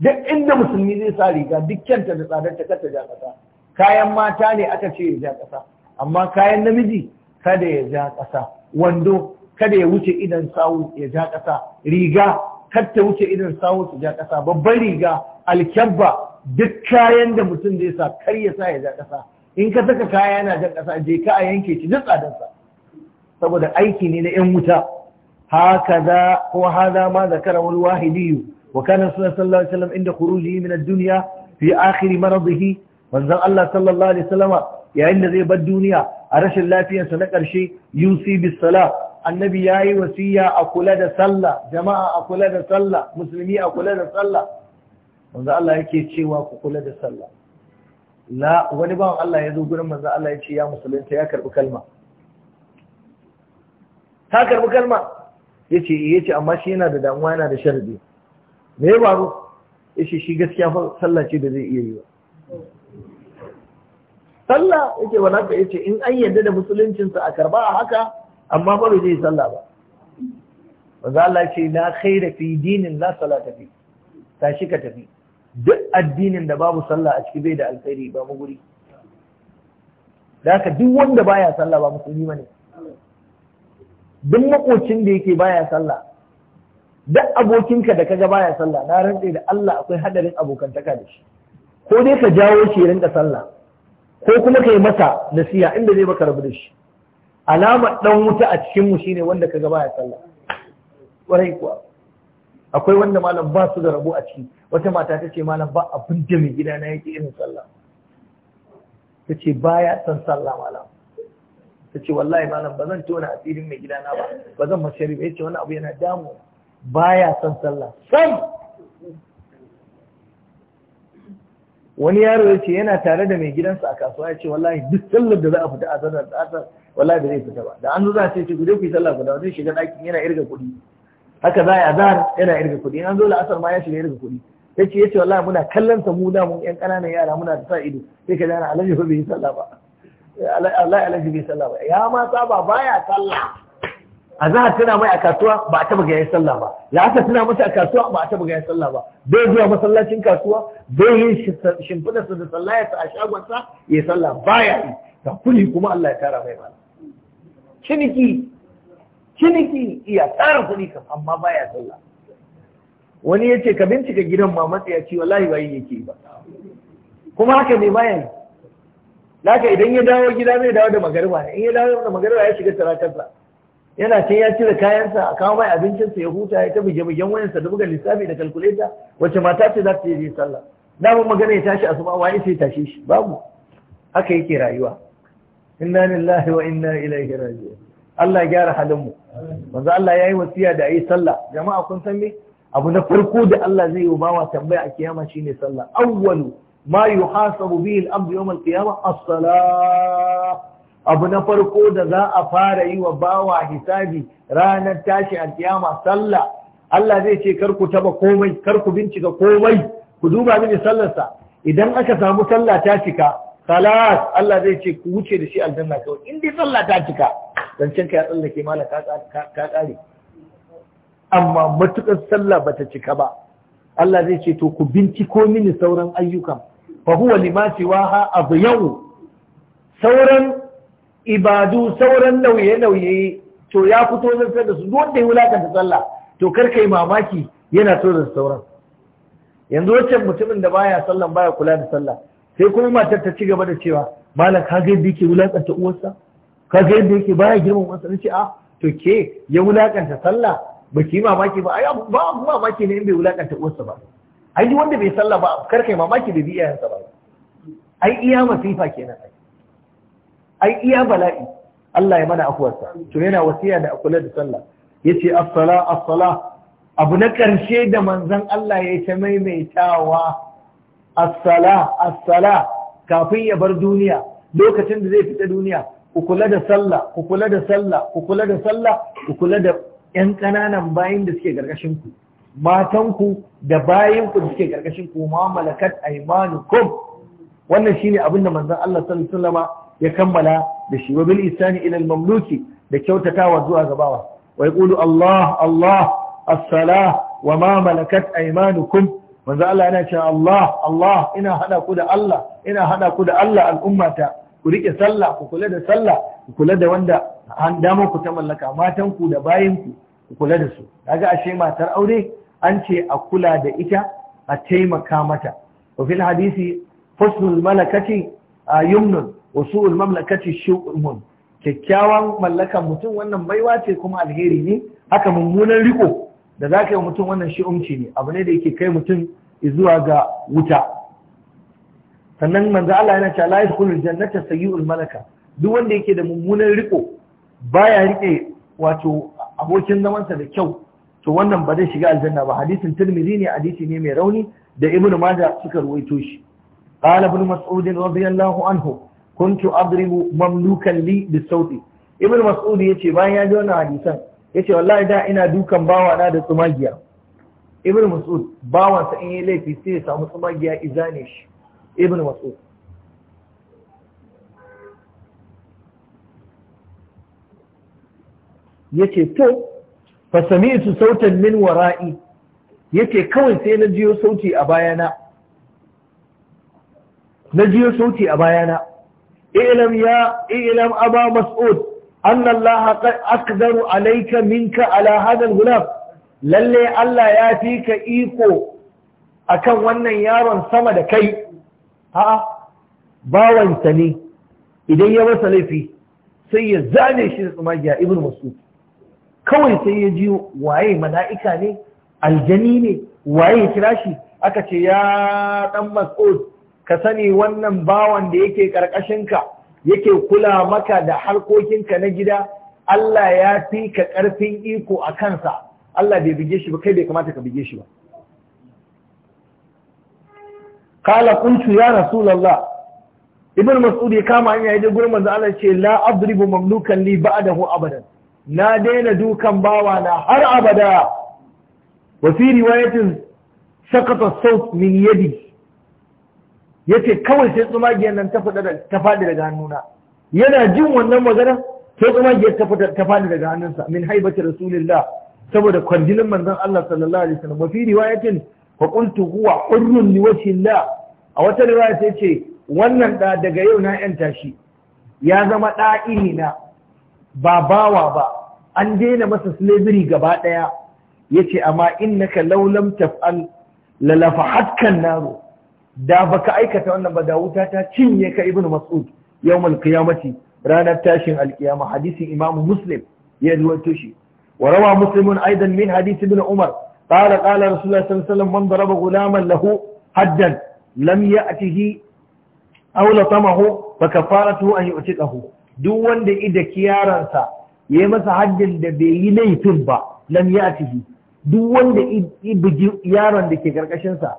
duk inda musulmi zai sa riga duk kyanta da tsadar ta kata ja kasa kayan mata ne aka ce ya ja kasa amma kayan namiji kada ya ja kasa wando kada ya wuce idan sawu ya ja kasa riga kada ta wuce idan sawu su ja kasa babban riga alkyabba duk kayan da mutum zai sa kar ya sa ya ja kasa in ka saka kaya yana jan kasa je ka a yanke shi duk tsadarsa saboda aiki ne na ‘yan wuta haka za ko hada ma zakara wani wahidiyu wa kana suna sallallahu alaihi wasallam inda kuruji min duniya fi akhiri maradihi wanzan Allah sallallahu alaihi wasallama yayin da zai bar duniya a rashin lafiyarsa na ƙarshe yusi bis sala annabi yi wasiya a kula da sallah jama'a a kula da sallah musulmi a kula da sallah Wanzan Allah yake cewa ku kula da sallah la wani bawan Allah ya zo gurin manzon Allah ya ce ya musulunta ya karbi kalma ta karbi kalma ya ce iya eh, ce, amma shi yana da damuwa yana da sharadi me ya faru shi gaskiya fa sallah ce da zai iya yi ya sallah wa naka ya yace in an yarda da musuluncinsa a karba a haka amma babu zai sallah ba manzo Allah na kai khaira fi dinin la tafi, ta shi ka tafi duk addinin da babu sallah a ciki bai da alkhairi ba mu guri da haka duk wanda baya sallah ba musulmi ne. duk makocin da yake baya sallah duk abokinka da kaga baya sallah na rantse da Allah akwai hadarin abokantaka da shi ko dai ka jawo shi rinka sallah ko kuma ka yi masa nasiha inda zai baka rabu da shi alamar dan wuta a cikin mu shine wanda kaga baya sallah kwarai kuwa akwai wanda malam ba su da rabo a ciki wata mata ta ce malam ba abin da mai gida na yake irin sallah ta ce baya son sallah malam ta ce wallahi malam ba zan tona asirin mai gidana ba ba zan mashari ba ya ce wani abu yana damu baya san sallah sam wani yaro ya ce yana tare da mai gidansa a kasuwa ya ce wallahi duk sallar da za a fita a sanar da asar wallahi da zai fita ba da an zo za a ce ce guje ku yi sallah guda zai shiga ɗakin yana irga kuɗi haka za a yi azhar yana irga kuɗi an zo la'asar ma ya shiga irga kuɗi ya ce ya ce wallahi muna kallon sa mu da mu ƴan ƙananan yara muna da sa ido sai ka jana alhaji ba bai yi sallah ba Allah ya lajibi sallah ba ya ma saba baya sallah a za a tuna mai a kasuwa ba a taba ga sallah ba ya aka tuna masa a kasuwa ba a taba ga sallah ba bai zuwa masallacin kasuwa bai yi su da sallah ya a shagonsa ya sallah baya yi ta kuli kuma Allah ya tara mai mana ciniki ciniki iya tsara kuɗi kam amma baya sallah wani ya ce ka bincika gidan ya ce wallahi wayi yake ba kuma haka ne baya Laka idan ya dawo gida zai dawo da magariba in ya dawo da magariba ya shiga tarakarsa yana cin ya cire kayansa a kawo mai abincinsa ya huta ya ta buge bugen wayansa da buga lissafi da kalkuleta wacce mata ce za ta je sallah mun magana ya tashi asuba wani sai tashi shi babu haka yake rayuwa inna lillahi wa inna ilaihi raji'un Allah ya gyara halin mu manzo Allah yi wasiya da yi sallah jama'a kun san me abu na farko da Allah zai yi wa bawa tambaya a kiyama shine sallah awwalu ma yuhasabu bihi al-abdu yawm al-qiyamah abu na farko da za a fara yi wa bawa hisabi ranar tashi a qiyama sallah Allah zai ce kar ku taba komai kar ku bincika komai ku duba mini sallarsa idan aka samu sallah ta cika salas Allah zai ce ku wuce da shi aljanna kawai in dai sallah ta cika zancen ka ya tsallake mala ka kare amma matukar sallah bata cika ba Allah zai ce to ku binciko mini sauran ayyukan fa huwa lima abu ya'u. sauran ibadu sauran nauye-nauye to ya fito zartar da su da ya wulakanta sallah to kar kai mamaki yana so da sauran yanzu waccan mutumin da baya sallan baya kula da sallah sai kuma matar ta ci gaba da cewa malam ka ga yadda yake wulakanta uwarsa ka ga yadda yake baya girman uwarsa ce a ah, to ke ya wulakanta sallah baki mamaki ba ai ba mamaki ne in bai wulakanta uwarsa ba ai duk wanda bai sallah ba kar kai mamaki bai bi iyayensa ba ai iya masifa kenan ai iya bala'i Allah ya mana akuwarsa to yana wasiya da akula da sallah yace as-sala as-sala abu na karshe da manzon Allah ya ta maimaitawa as-sala as-sala kafin ya bar duniya lokacin da zai fita duniya ku kula da sallah ku kula da sallah ku kula da sallah ku kula da yan kananan bayin da suke gargashin ku matanku da bayanku da suke karkashin ku ma malakat aymanukum wannan shine abin da manzon Allah sallallahu alaihi ya kammala da shi wa isani ila mamluki da kyautatawa zuwa gabawa wa yaqulu Allah Allah as-salah wa ma malakat aymanukum manzo Allah yana cewa Allah Allah ina hada ku da Allah ina hada ku da Allah al'ummata ku rike sallah ku kula da sallah ku kula da wanda an dama ku ta mallaka Matanku da bayanku ku ku kula da su kaga ashe matar aure an ce a kula da ita a taimaka mata wafin hadisi hadisi malakaci a yumnun wasu su'ul shi ulmun. kyakkyawan mallakan mutum wannan baiwa ce kuma alheri ne haka mummunan riko da za ka yi mutum wannan shi'umci ne abu ne da yake kai mutum zuwa ga wuta sannan manzo Allah yana cewa la yadkhulu jannata sayyi'ul malaka duk wanda yake da mummunan riko baya rike wato abokin zamansa da kyau to wannan ba zai shiga aljanna ba hadisin tirmidhi ne hadisi ne mai rauni da ibnu maja suka ruwaito shi qala ibnu mas'ud radiyallahu anhu kuntu adribu mamlukan li sawti ibnu mas'ud yace bayan ya ji wannan hadisan yace wallahi da ina dukan bawa na da tsumagiya ibnu mas'ud bawan sa in yi laifi sai ya samu tsumagiya izane shi ibnu mas'ud yace to fasamitu sami'tu sautan min wara'i yace kawai sai na jiyo sauti a bayana na jiyo sauti a bayana ilam ya ilam aba mas'ud anna Allah qad aqdaru alayka minka ala al lalle Allah ya fi ka iko akan wannan yaron sama da kai a'a bawansa ne idan ya masa laifi sai ya zane shi da tsumagiya ibnu mas'ud kawai sai ya ji waye mala'ika ne aljani ne waye kira shi aka ce ya dan mas'ud ka sani wannan bawan da yake ka yake kula maka da harkokinka na gida Allah ya fi ka karfin iko a kansa Allah bai bige shi ba kai bai kamata ka bige shi ba kala kuntu ya rasulullah ibn mas'ud ya kama hanya ya je gurin manzo Allah ce la adribu mamlukan li ba'dahu abadan na daina dukan bawa na har abada wa fi riwayatin sakata saut min yadi yace kawai sai tsumagiyar nan ta ta faɗi daga hannuna yana jin wannan magana sai tsumagiyar ta ta faɗi daga hannunsa min haibati rasulillah saboda kwanjinin manzon Allah sallallahu alaihi wasallam wa fi riwayatin fa qultu huwa hurrun li wajhillah a wata riwaya sai ce wannan da daga yau na yanta shi ya zama da iri na ba bawa ba an daina masa slavery gaba ɗaya ya ce amma innaka laulam taf'al lalafa hatkan naro da baka aikata wannan ba da wuta ta cinye ka ibn mas'ud yau qiyamati ranar tashin alkiyama hadisin imam muslim ya ruwaito shi wa rawa muslimun aidan min hadisi ibn umar qala qala rasulullah sallallahu alaihi wasallam man daraba gulaman lahu haddan lam ya'tihi aw latamahu fa kafaratuhu an yu'tiqahu duk wanda ida kiyaransa ya yi masa haddin da bai yi laifin ba lam ya ciki duk wanda ibugi yaron da ke karkashinsa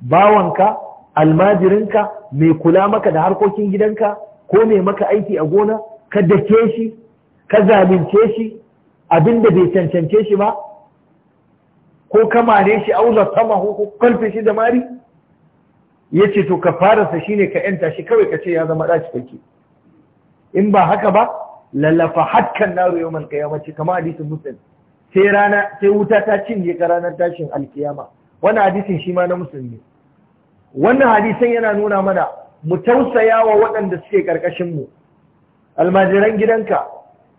bawanka almajirinka mai kula maka da harkokin gidanka ko mai maka aiki a gona ka dake shi ka zalunce shi abin da bai cancance shi ba ko ka mare shi auza sama ko kwalfe shi da mari ya ce to ka shi ne ka yanta shi kawai ka ce ya zama ɗaci kake in ba haka ba lallafa hakkan naru yawmal ce kama hadisin muslim sai wuta ta cinye ka ranar tashin alkiyama wannan hadisin shi ma na musulmi wannan hadisan yana nuna mana mu tausaya wa waɗanda suke ƙarƙashin mu almajiran gidanka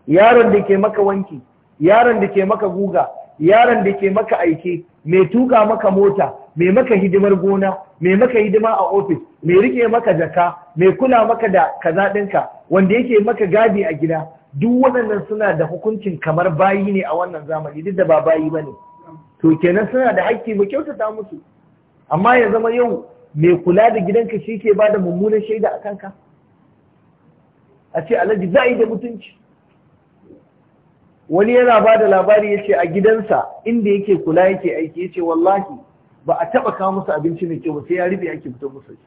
yaron da ke maka wanki yaron da ke maka guga yaron da ke maka aike mai tuka maka mota mai maka hidimar gona mai maka hidima a ofis mai rike maka jaka mai kula maka da kaza ɗinka wanda yake maka gadi a gida duk waɗannan suna da hukuncin kamar bayi ne a wannan zamani duk da ba bayi ba ne to kenan suna da haƙƙi mu kyautata musu amma ya zama yau mai kula da gidanka shi ke ba da mummunan shaida a kanka a ce alhaji za a yi da mutunci wani yana ba da labari ya ce a gidansa inda yake kula yake aiki ya ce wallahi ba a taɓa kawo musu abinci mai kyau ba sai ya rufe ake fito musu shi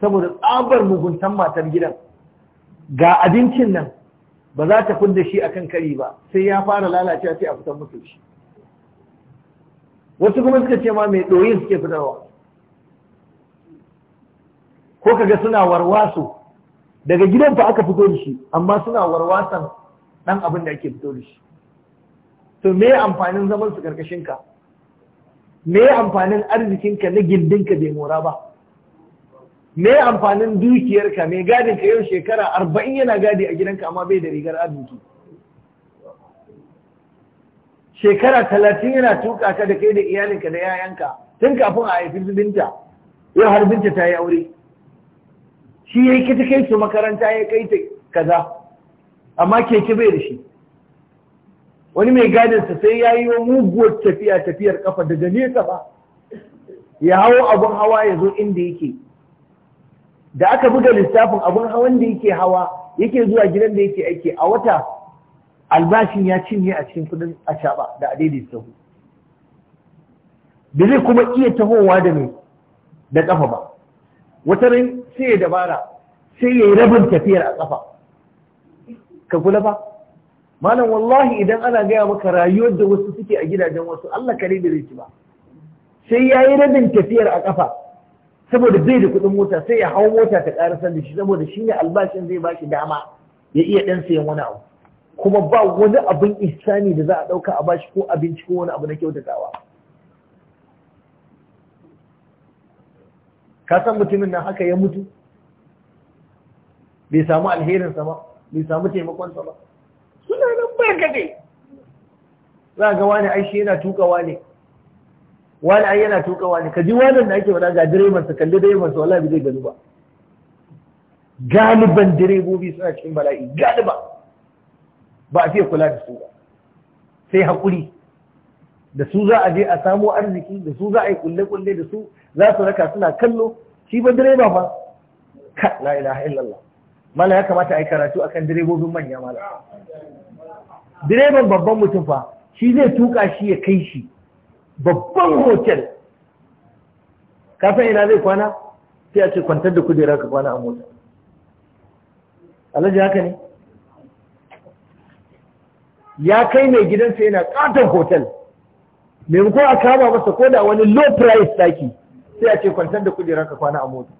saboda tsabar muguntan matar gidan ga abincin nan ba za ta fidda shi akan kari ba sai ya fara lalacewa sai a fitar musu shi wasu kuma suka ce ma mai ɗoyin suke fitarwa ko kaga suna warwaso daga gidan fa aka fito da shi amma suna warwasan ɗan abin da ake fito da shi to me amfanin zaman su karkashin ka me amfanin arzikinka na gindinka bai mora ba me amfanin dukiyarka mai gadin ka yau shekara arba'in yana gadi a gidanka amma bai da rigar arziki shekara talatin yana tuka ka da kai da iyalinka da yayanka tun kafin a haifi su binta yau har binta ta yi aure shi ya yi kita kai su makaranta ya kai ta kaza amma keke bai da shi wani mai gadinsa sai ya yi wa muguwar tafiya tafiyar kafa daga nesa ba ya hawo abun hawa ya zo inda yake da aka buga lissafin abun hawan da yake hawa yake zuwa gidan da yake aiki a wata albashin ya cinye a cikin kudin ashaba da adaidaita sahu da zai kuma iya tahowa da mai da kafa ba wata rin sai ya dabara sai ya yi rabin tafiyar a kafa ka kula ba malam wallahi idan ana gaya maka rayuwar da wasu suke a gidajen wasu Allah kare da zai ci ba sai ya yi rabin tafiyar a kafa saboda bai da kuɗin mota sai ya hau mota ta ƙarasar da shi saboda shi ne albashin zai ba shi dama ya iya ɗan sayan wani abu kuma ba wani abin ihsani da za a ɗauka a bashi ko abinci ko wani abu na kyautatawa ka san mutumin nan haka ya mutu bai samu alherinsa ba bai samu taimakonsa ba suna nan barkatai za ga wani aishi yana tukawa ne wani ai yana tuka wani ka ji wani da ake wada ga direban sa kalli direban sa wallahi zai gani ba galiban direbobi suna cikin bala'i galiba ba a fiye kula da su ba sai haƙuri da su za a je a samo arziki da su za a yi kulle-kulle da su za su raka suna kallo shi ba direba ba ka la ilaha illallah mala ya kamata a yi karatu akan direbobin manya mala direban babban mutum fa shi zai tuka shi ya kai shi babban hotel ka san ina zai kwana sai a ce kwantar da kudera ka kwana a mota alhaji haka ne ya kai mai gidansa yana katon hotel maimakon a kama masa ko da wani low price taki sai a ce kwantar da kudera ka kwana a mota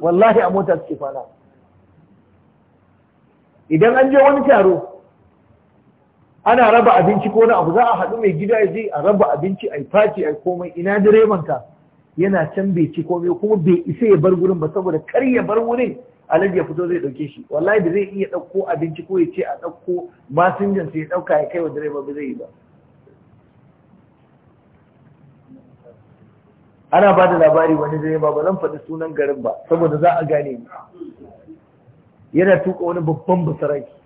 wallahi a mota suke kwana idan an je wani taro ana raba abinci ko wani abu za a haɗu mai gida je a raba abinci a fati a komai ina direban ka yana can bai ci komai kuma bai isa ya bar gurin ba saboda kar ya bar wurin alaji ya fito zai ɗauke shi wallahi da zai iya ɗauko abinci ko ya ce a ɗauko masinjan sai ya ɗauka ya kai wa direba ba zai yi ba ana ba da labari wani direba ba zan faɗi sunan garin ba saboda za a gane ni yana tuka wani babban basaraki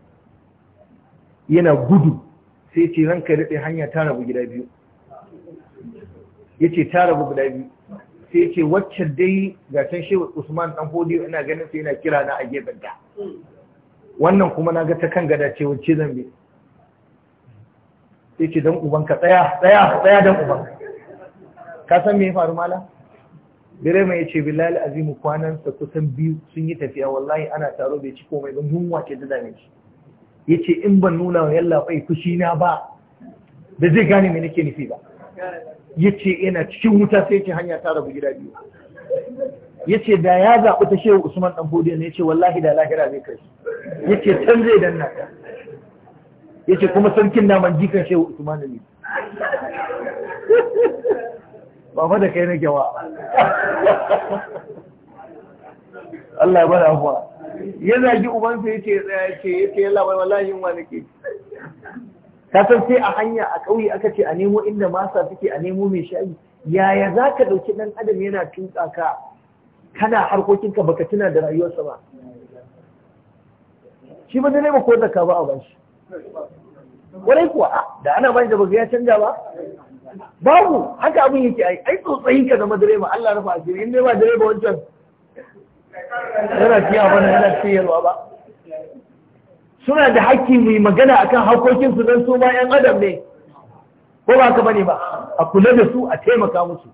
yana gudu sai ce ranka daɗe hanya ta rabu gida biyu ya ce ta rabu gida biyu sai ce wacce dai ga can shehu usman dan hodiyo ina ganin sai yana kira na a gefen ta wannan kuma na ga ta kan gada ce wacce zan bi sai ce dan ubanka tsaya tsaya tsaya dan ubanka ka san me ya faru mala direba ya ce bilal azimu kwanansa kusan biyu sun yi tafiya wallahi ana taro bai ci komai ba yunwa ke da dame shi ya ce in ban nuna wa yallaɓai fushi na ba da zai gane mai nake nufi ba ya ce yana cikin wuta sai ce hanya ta rabu gida biyu ya ce da ya zaɓi ta shehu usman ɗan fodiyo ne ya ce wallahi da lahira zai kai ya ce can zai dan ta ya ce kuma sarkin naman jikan shehu usman ne ba ma da kai na gyawa Allah ya bada abuwa ya zagi ubansa ya ce tsaya ce ya ce yalla bai wallahi yunwa nake ka san sai a hanya a ƙauye aka ce a nemo inda masa suke a nemo mai shayi yaya za ka ɗauki ɗan adam yana tuƙa ka kana harkokinka baka tuna da rayuwarsa ba shi ba zai ba ko zaka ba a bashi Wani kuwa da ana bashi da baka ya canja ba babu haka abin yake ai ai zama direba Allah rafa asiri in ne ba direba wancan yana siya wani yana siyarwa ba suna da haƙƙi mai yi magana akan hakokinsu don su ma 'yan adam ne ko ba ka bane ba a kula da su a taimaka musu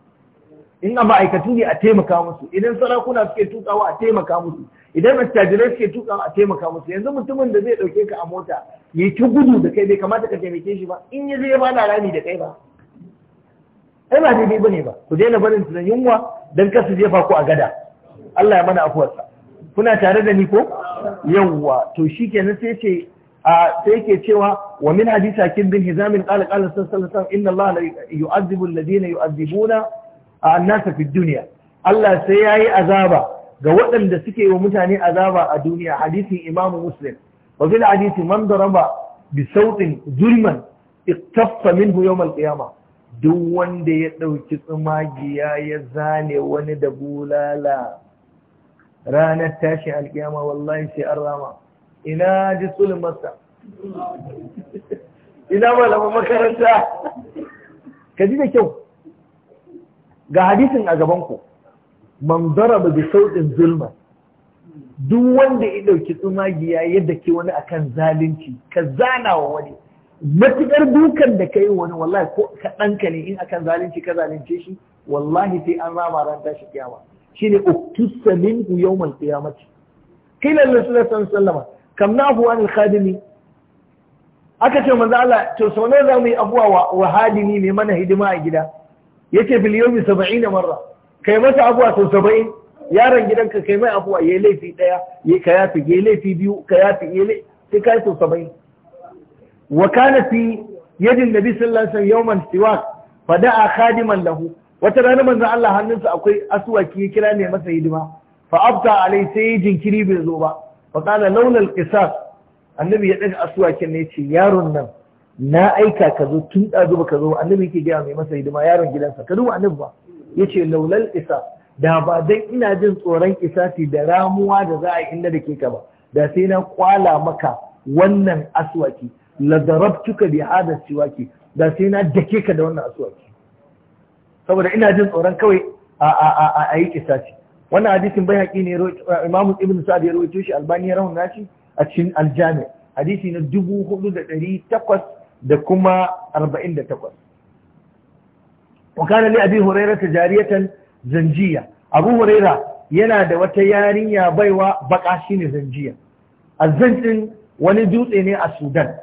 in a ma'aikatu ne a taimaka musu idan sarakuna suke tukawa a taimaka musu idan attajirai suke tukawa a taimaka musu yanzu mutumin da zai ɗauke ka a mota ya yi gudu da kai bai kamata ka taimake shi ba in ya zai ba na rami da kai ba ai ba daidai ne ba ku daina barin da yunwa don kar jefa ku a gada Allah ya mana afuwarsa kuna tare da ni ko yawwa to shikenan sai ce a sai yake cewa wa min hadisa kin bin hizamin qala qala sallallahu alaihi inna Allah la yu'adhibu alladhina yu'adhibuna an-nas fi dunya Allah sai yayi azaba ga waɗanda suke wa mutane azaba a duniya hadisin Imam Muslim wa fil hadisi man daraba bi sautin zulman iktaffa minhu yawm al-qiyamah duk wanda ya ɗauki tsumagiya ya zane wani da bulala ranar tashi alkiyama wallahi sai an rama ina ji sulmarsa ina malaman makaranta ka ji da kyau ga hadisin a gabanku man daraba bi sautin zulma duk wanda ya dauki tsumagiya yadda ke wani akan zalunci ka zana wa wani matukar dukan da ka yi wani wallahi ko ka ɗanka ne in akan zalunci ka zalunce shi wallahi sai an rama ran tashi kiyama ne uktusa yau mai qiyamati kila da su alaihi sallama. kam abuwa ne khadimi aka ce manzo Allah to sau ne za mu yi abuwa wa hadimi mai mana hidima a gida ce fil saba'i na marra kai masa abuwa sau 70 yaron gidanka kai mai abuwa yayi laifi ɗaya? Ya ka yafi yayi laifi biyu ka yafi laifi sai kai sau 70 wa kana fi yadi nabi sallallahu alaihi wasallam yawman siwak a khadiman lahu wata rana manzo Allah hannunsa akwai aswaki ya kira ne masa hidima fa abta alai sai jinkiri bai zo ba fa qala laula alqisas annabi ya daga aswakin ne ce yaron nan na aika ka zo tun da ka zo annabi yake gaya mai masa hidima yaron gidansa ka duba annabi ba ya ce laulal isa da ba dan ina jin tsoron isati da ramuwa da za a inda da ke ka ba da sai na kwala maka wannan aswaki la darabtuka bi hada siwaki da sai na dake ka da wannan aswaki saboda ina jin tsoron kawai a yi kisaci wannan hadisin bai haƙi ne uh, imam ibn sa'ad ya rawaito shi albani ya nashi a cikin aljami hadisi na dubu hudu da ɗari takwas da kuma arba'in da takwas wakana ne abi huraira ta jariyatan zanjiya abu huraira yana da wata yarinya baiwa baka shi ne zanjiya azantin wani dutse ne a sudan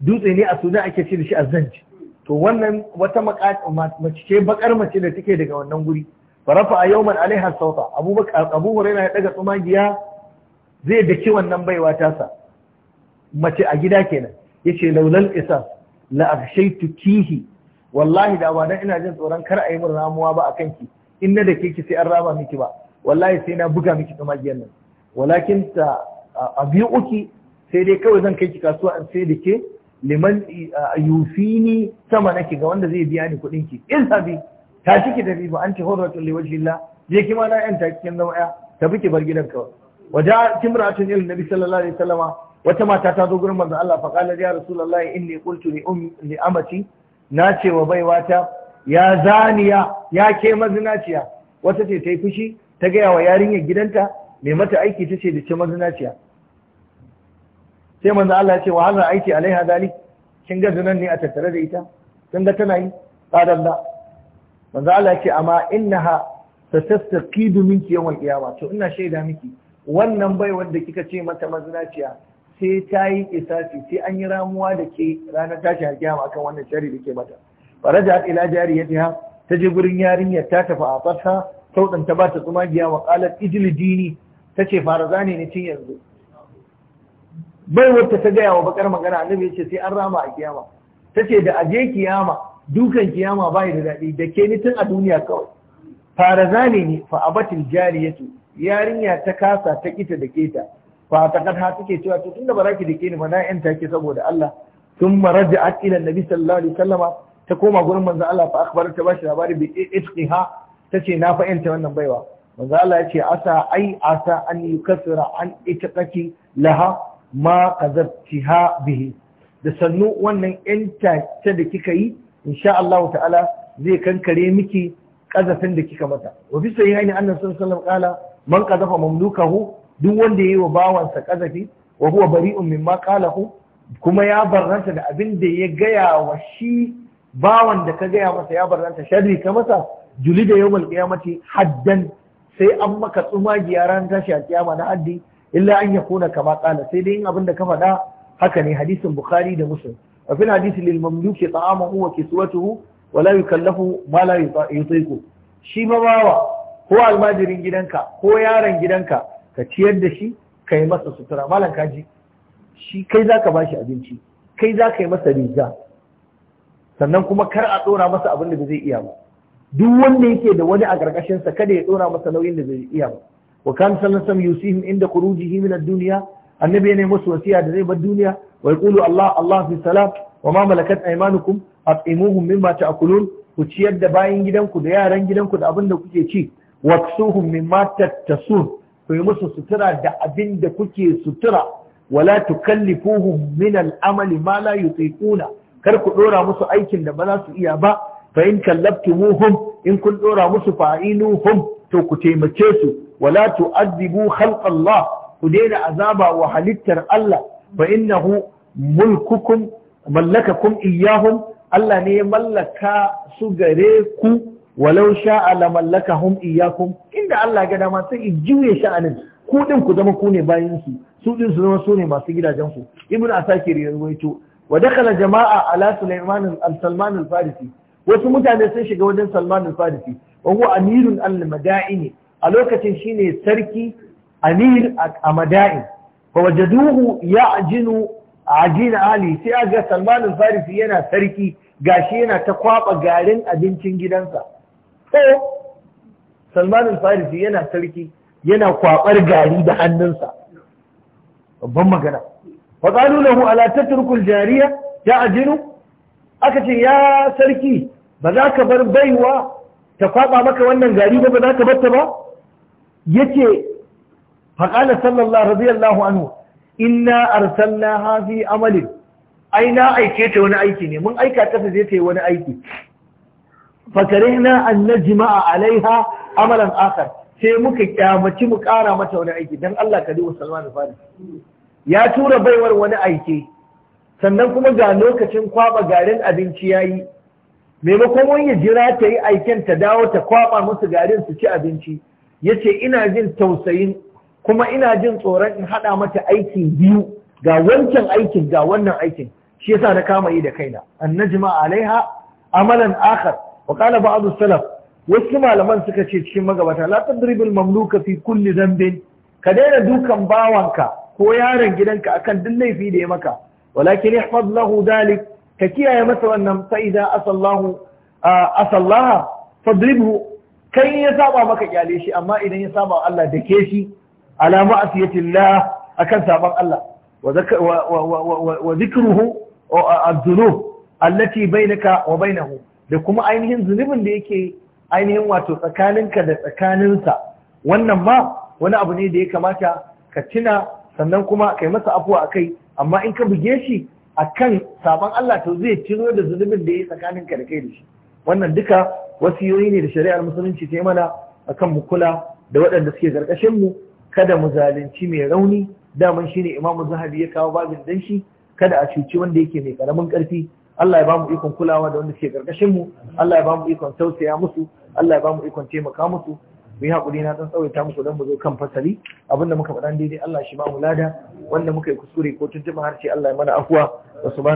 dutse ne a sudan ake ce da shi azanci to wannan wata mace ce bakar mace da take daga wannan guri farafa a yawman alaiha sauta abu yana ya daga tsumagiya zai daki wannan baiwa tasa mace a gida kenan Ya ce, laulal isa la kihi wallahi da ba ina jin tsoron kar a yi min ramuwa ba a kanki. in na dake ki sai an rama miki ba wallahi sai na buga miki tsumagiyan nan walakin ta uki, sai dai kawai zan kai ki kasuwa in sai ke. liman yufini sama nake ga wanda zai biya ni kuɗin ki ta ciki ki tafi ba anti hurratun liwajhillah je ki ma na yan ta cikin zama ya tafi ki bar gidan ka waja timratun ilin nabi sallallahu alaihi wasallam wata mata ta zo gurin manzo Allah fa qala ya rasulullahi inni qultu li ummi li amati na ce wa baiwa ta. ya zaniya ya ke mazinaciya wata ce ta yi fushi ta gaya wa yarinyar gidanta mai mata aiki ta ce da ce mazinaciya sai manzo Allah ya ce wa hadha aiti alaiha dalik kin ga zunan ne a tattare da ita kin ga tana yi qadan da manzo Allah ya ce amma innaha tatastaqidu minki yawm al-qiyamah to ina shaida miki wannan bai wanda kika ce mata mazinaciya sai ta yi kisasi sai an yi ramuwa da ke ranar tashi alkiyama akan wannan shari da ke mata faraja ila jariyatiha ta je gurin yarinyar ta tafi a tsarsa sauɗin ta ba ta tsumagiya wa qalat ijli dini tace farazani ne tun yanzu bai wata ta gaya wa bakar magana annabi ce sai an rama a kiyama tace da aje kiyama dukan kiyama bai da dadi da ke ni tun a duniya kawai fara ne ni fa abatil jariyatu yarinya ta kasa ta kita da keta fa ta kada take cewa to tunda ki da ke ni ba na yan ke saboda Allah sun raja'at ila nabi sallallahu alaihi wasallama ta koma gurin manzo Allah fa ta bashi labari bi itqiha tace na fainta wannan baiwa manzo Allah ya ce asa ai asa an yukassira an ita itqaki laha ma azabtiha bihi da sannu wannan yanta ta da kika yi insha Allah ta'ala zai kankare miki kazafin da kika mata wa fi sahihaini annabi sallallahu alaihi wasallam man qazafa mamlukahu duk wanda yayi wa bawansa kazafi wa huwa bari'un mimma qalahu kuma ya barranta da abin da ya gaya wa shi bawan da ka gaya masa ya barranta sharri ka masa juli da yawmal qiyamati haddan sai an maka tsumagiya ran tashi a kiyama na haddi illa an yakuna kama qala sai dai in da ka faɗa haka ne hadisin bukhari da muslim wa fi hadisi lil mamluki ta'amuhu huwa kiswatuhu wa la yukallafu ma la yutiqu shi ma bawa ko almajirin gidanka ko yaron gidanka ka ciyar da shi ka yi masa sutura malam kaji shi kai za ka bashi abinci kai za ka yi masa riga sannan kuma kar a tsora masa abin da zai iya ba duk wanda yake da wani a ƙarƙashinsa kada ya tsora masa nauyin da zai iya ba wa kan sallallahu yusihim inda khurujihi min ad-dunya annabi ne musu wasiya da zai bar duniya wa yaqulu Allah Allah fi salam wa ma malakat aymanukum at'imuhum mimma ta'kulun ku ciyar da bayan gidanku da yaran gidanku da abin da kuke ci waksuhum mimma tattasun ku yi musu sutura da abinda kuke sutura wala tukallifuhum min al-amali ma la yutiquna kar ku ɗora musu aikin da ba za su iya ba fa in muhum, in kun ɗora musu fa'inuhum to ku taimake su wala tu'adhibu khalqa Allah ku daina azaba wa halittar Allah fa innahu mulkukum mallakakum iyyahum Allah ne ya mallaka su gare ku walau sha'a la mallakahum iyyakum inda Allah ga dama sai juye sha'anin ku din ku zama ku ne bayan su su din su zama su ne masu gidajen su ibnu asakir ya rawaito wa dakala jama'a ala sulaiman al-salman al-farisi wasu mutane sun shiga wajen salman al-farisi wa huwa amirun al-mada'ini a lokacin shine sarki amir a mada'in duhu ya ya'jinu ajin ali sai ga salmanin farisi yana sarki gashi yana ta kwaba garin abincin gidansa so salman farisi yana sarki yana kwabar gari da hannunsa babban magana fa qalu lahu ala tatrukul jariya ya'jinu aka ce ya sarki ba za ka bar baiwa ta kwaba maka wannan gari ba ba za ka bar ta ba yace faqala sallallahu radiyallahu anhu inna arsalnaha hafi amalin ai na aike ta wani aiki ne mun aika ta zai ta yi wani aiki na an a alaiha amalan akar sai muka kyamaci mu kara mata wani aiki don Allah ka liwa Salman fari ya tura baiwar wani aiki sannan kuma ga lokacin kwaba garin abinci ya yi. maimakon wani jira ta yi aiken ta dawo ta kwaba musu garin su ci abinci Ya ce ina jin tausayin kuma ina jin tsoron in haɗa mata aiki biyu ga wancan aikin ga wannan aikin shi yasa na kama yi da kaina an najma alaiha amalan akhar wa qala ba'd salaf wasu malaman suka ce cikin magabata la tadribul mamluka fi kulli dhanbin ka daina dukan bawanka ko yaron gidanka akan duk laifi da ya maka walakin ihfaz lahu dalik ka kiyaye masa wannan fa idza asallahu ah, asallaha fadribhu kai ya saba maka kyale shi amma idan ya saba Allah da ke shi ala ma'asiyatillah akan saban Allah wa zikruhu az allati bainaka wa bainahu da kuma ainihin zunubin da yake ainihin wato tsakaninka da tsakaninsa wannan ma wani abu ne da ya kamata ka tuna sannan kuma kai masa afuwa akai amma in ka buge shi akan saban Allah to zai ciro da zunubin da yake tsakaninka da kai da shi wannan duka wasu yoyi ne da shari'ar musulunci ta yi mana akan mu kula da waɗanda suke karkashin mu kada mu zalunci mai rauni daman shine imamu zahabi ya kawo babin dan shi kada a cuci wanda yake mai karamin karfi Allah ya bamu ikon kulawa da wanda suke ƙarƙashin mu Allah ya bamu ikon tausaya musu Allah ya bamu ikon taimaka musu mu yi haƙuri na dan tsawaita muku don mu zo kan fasali abinda muka faɗa daidai Allah shi ba mu lada wanda muka yi kuskure ko tuntuɓa harshe Allah ya mana afuwa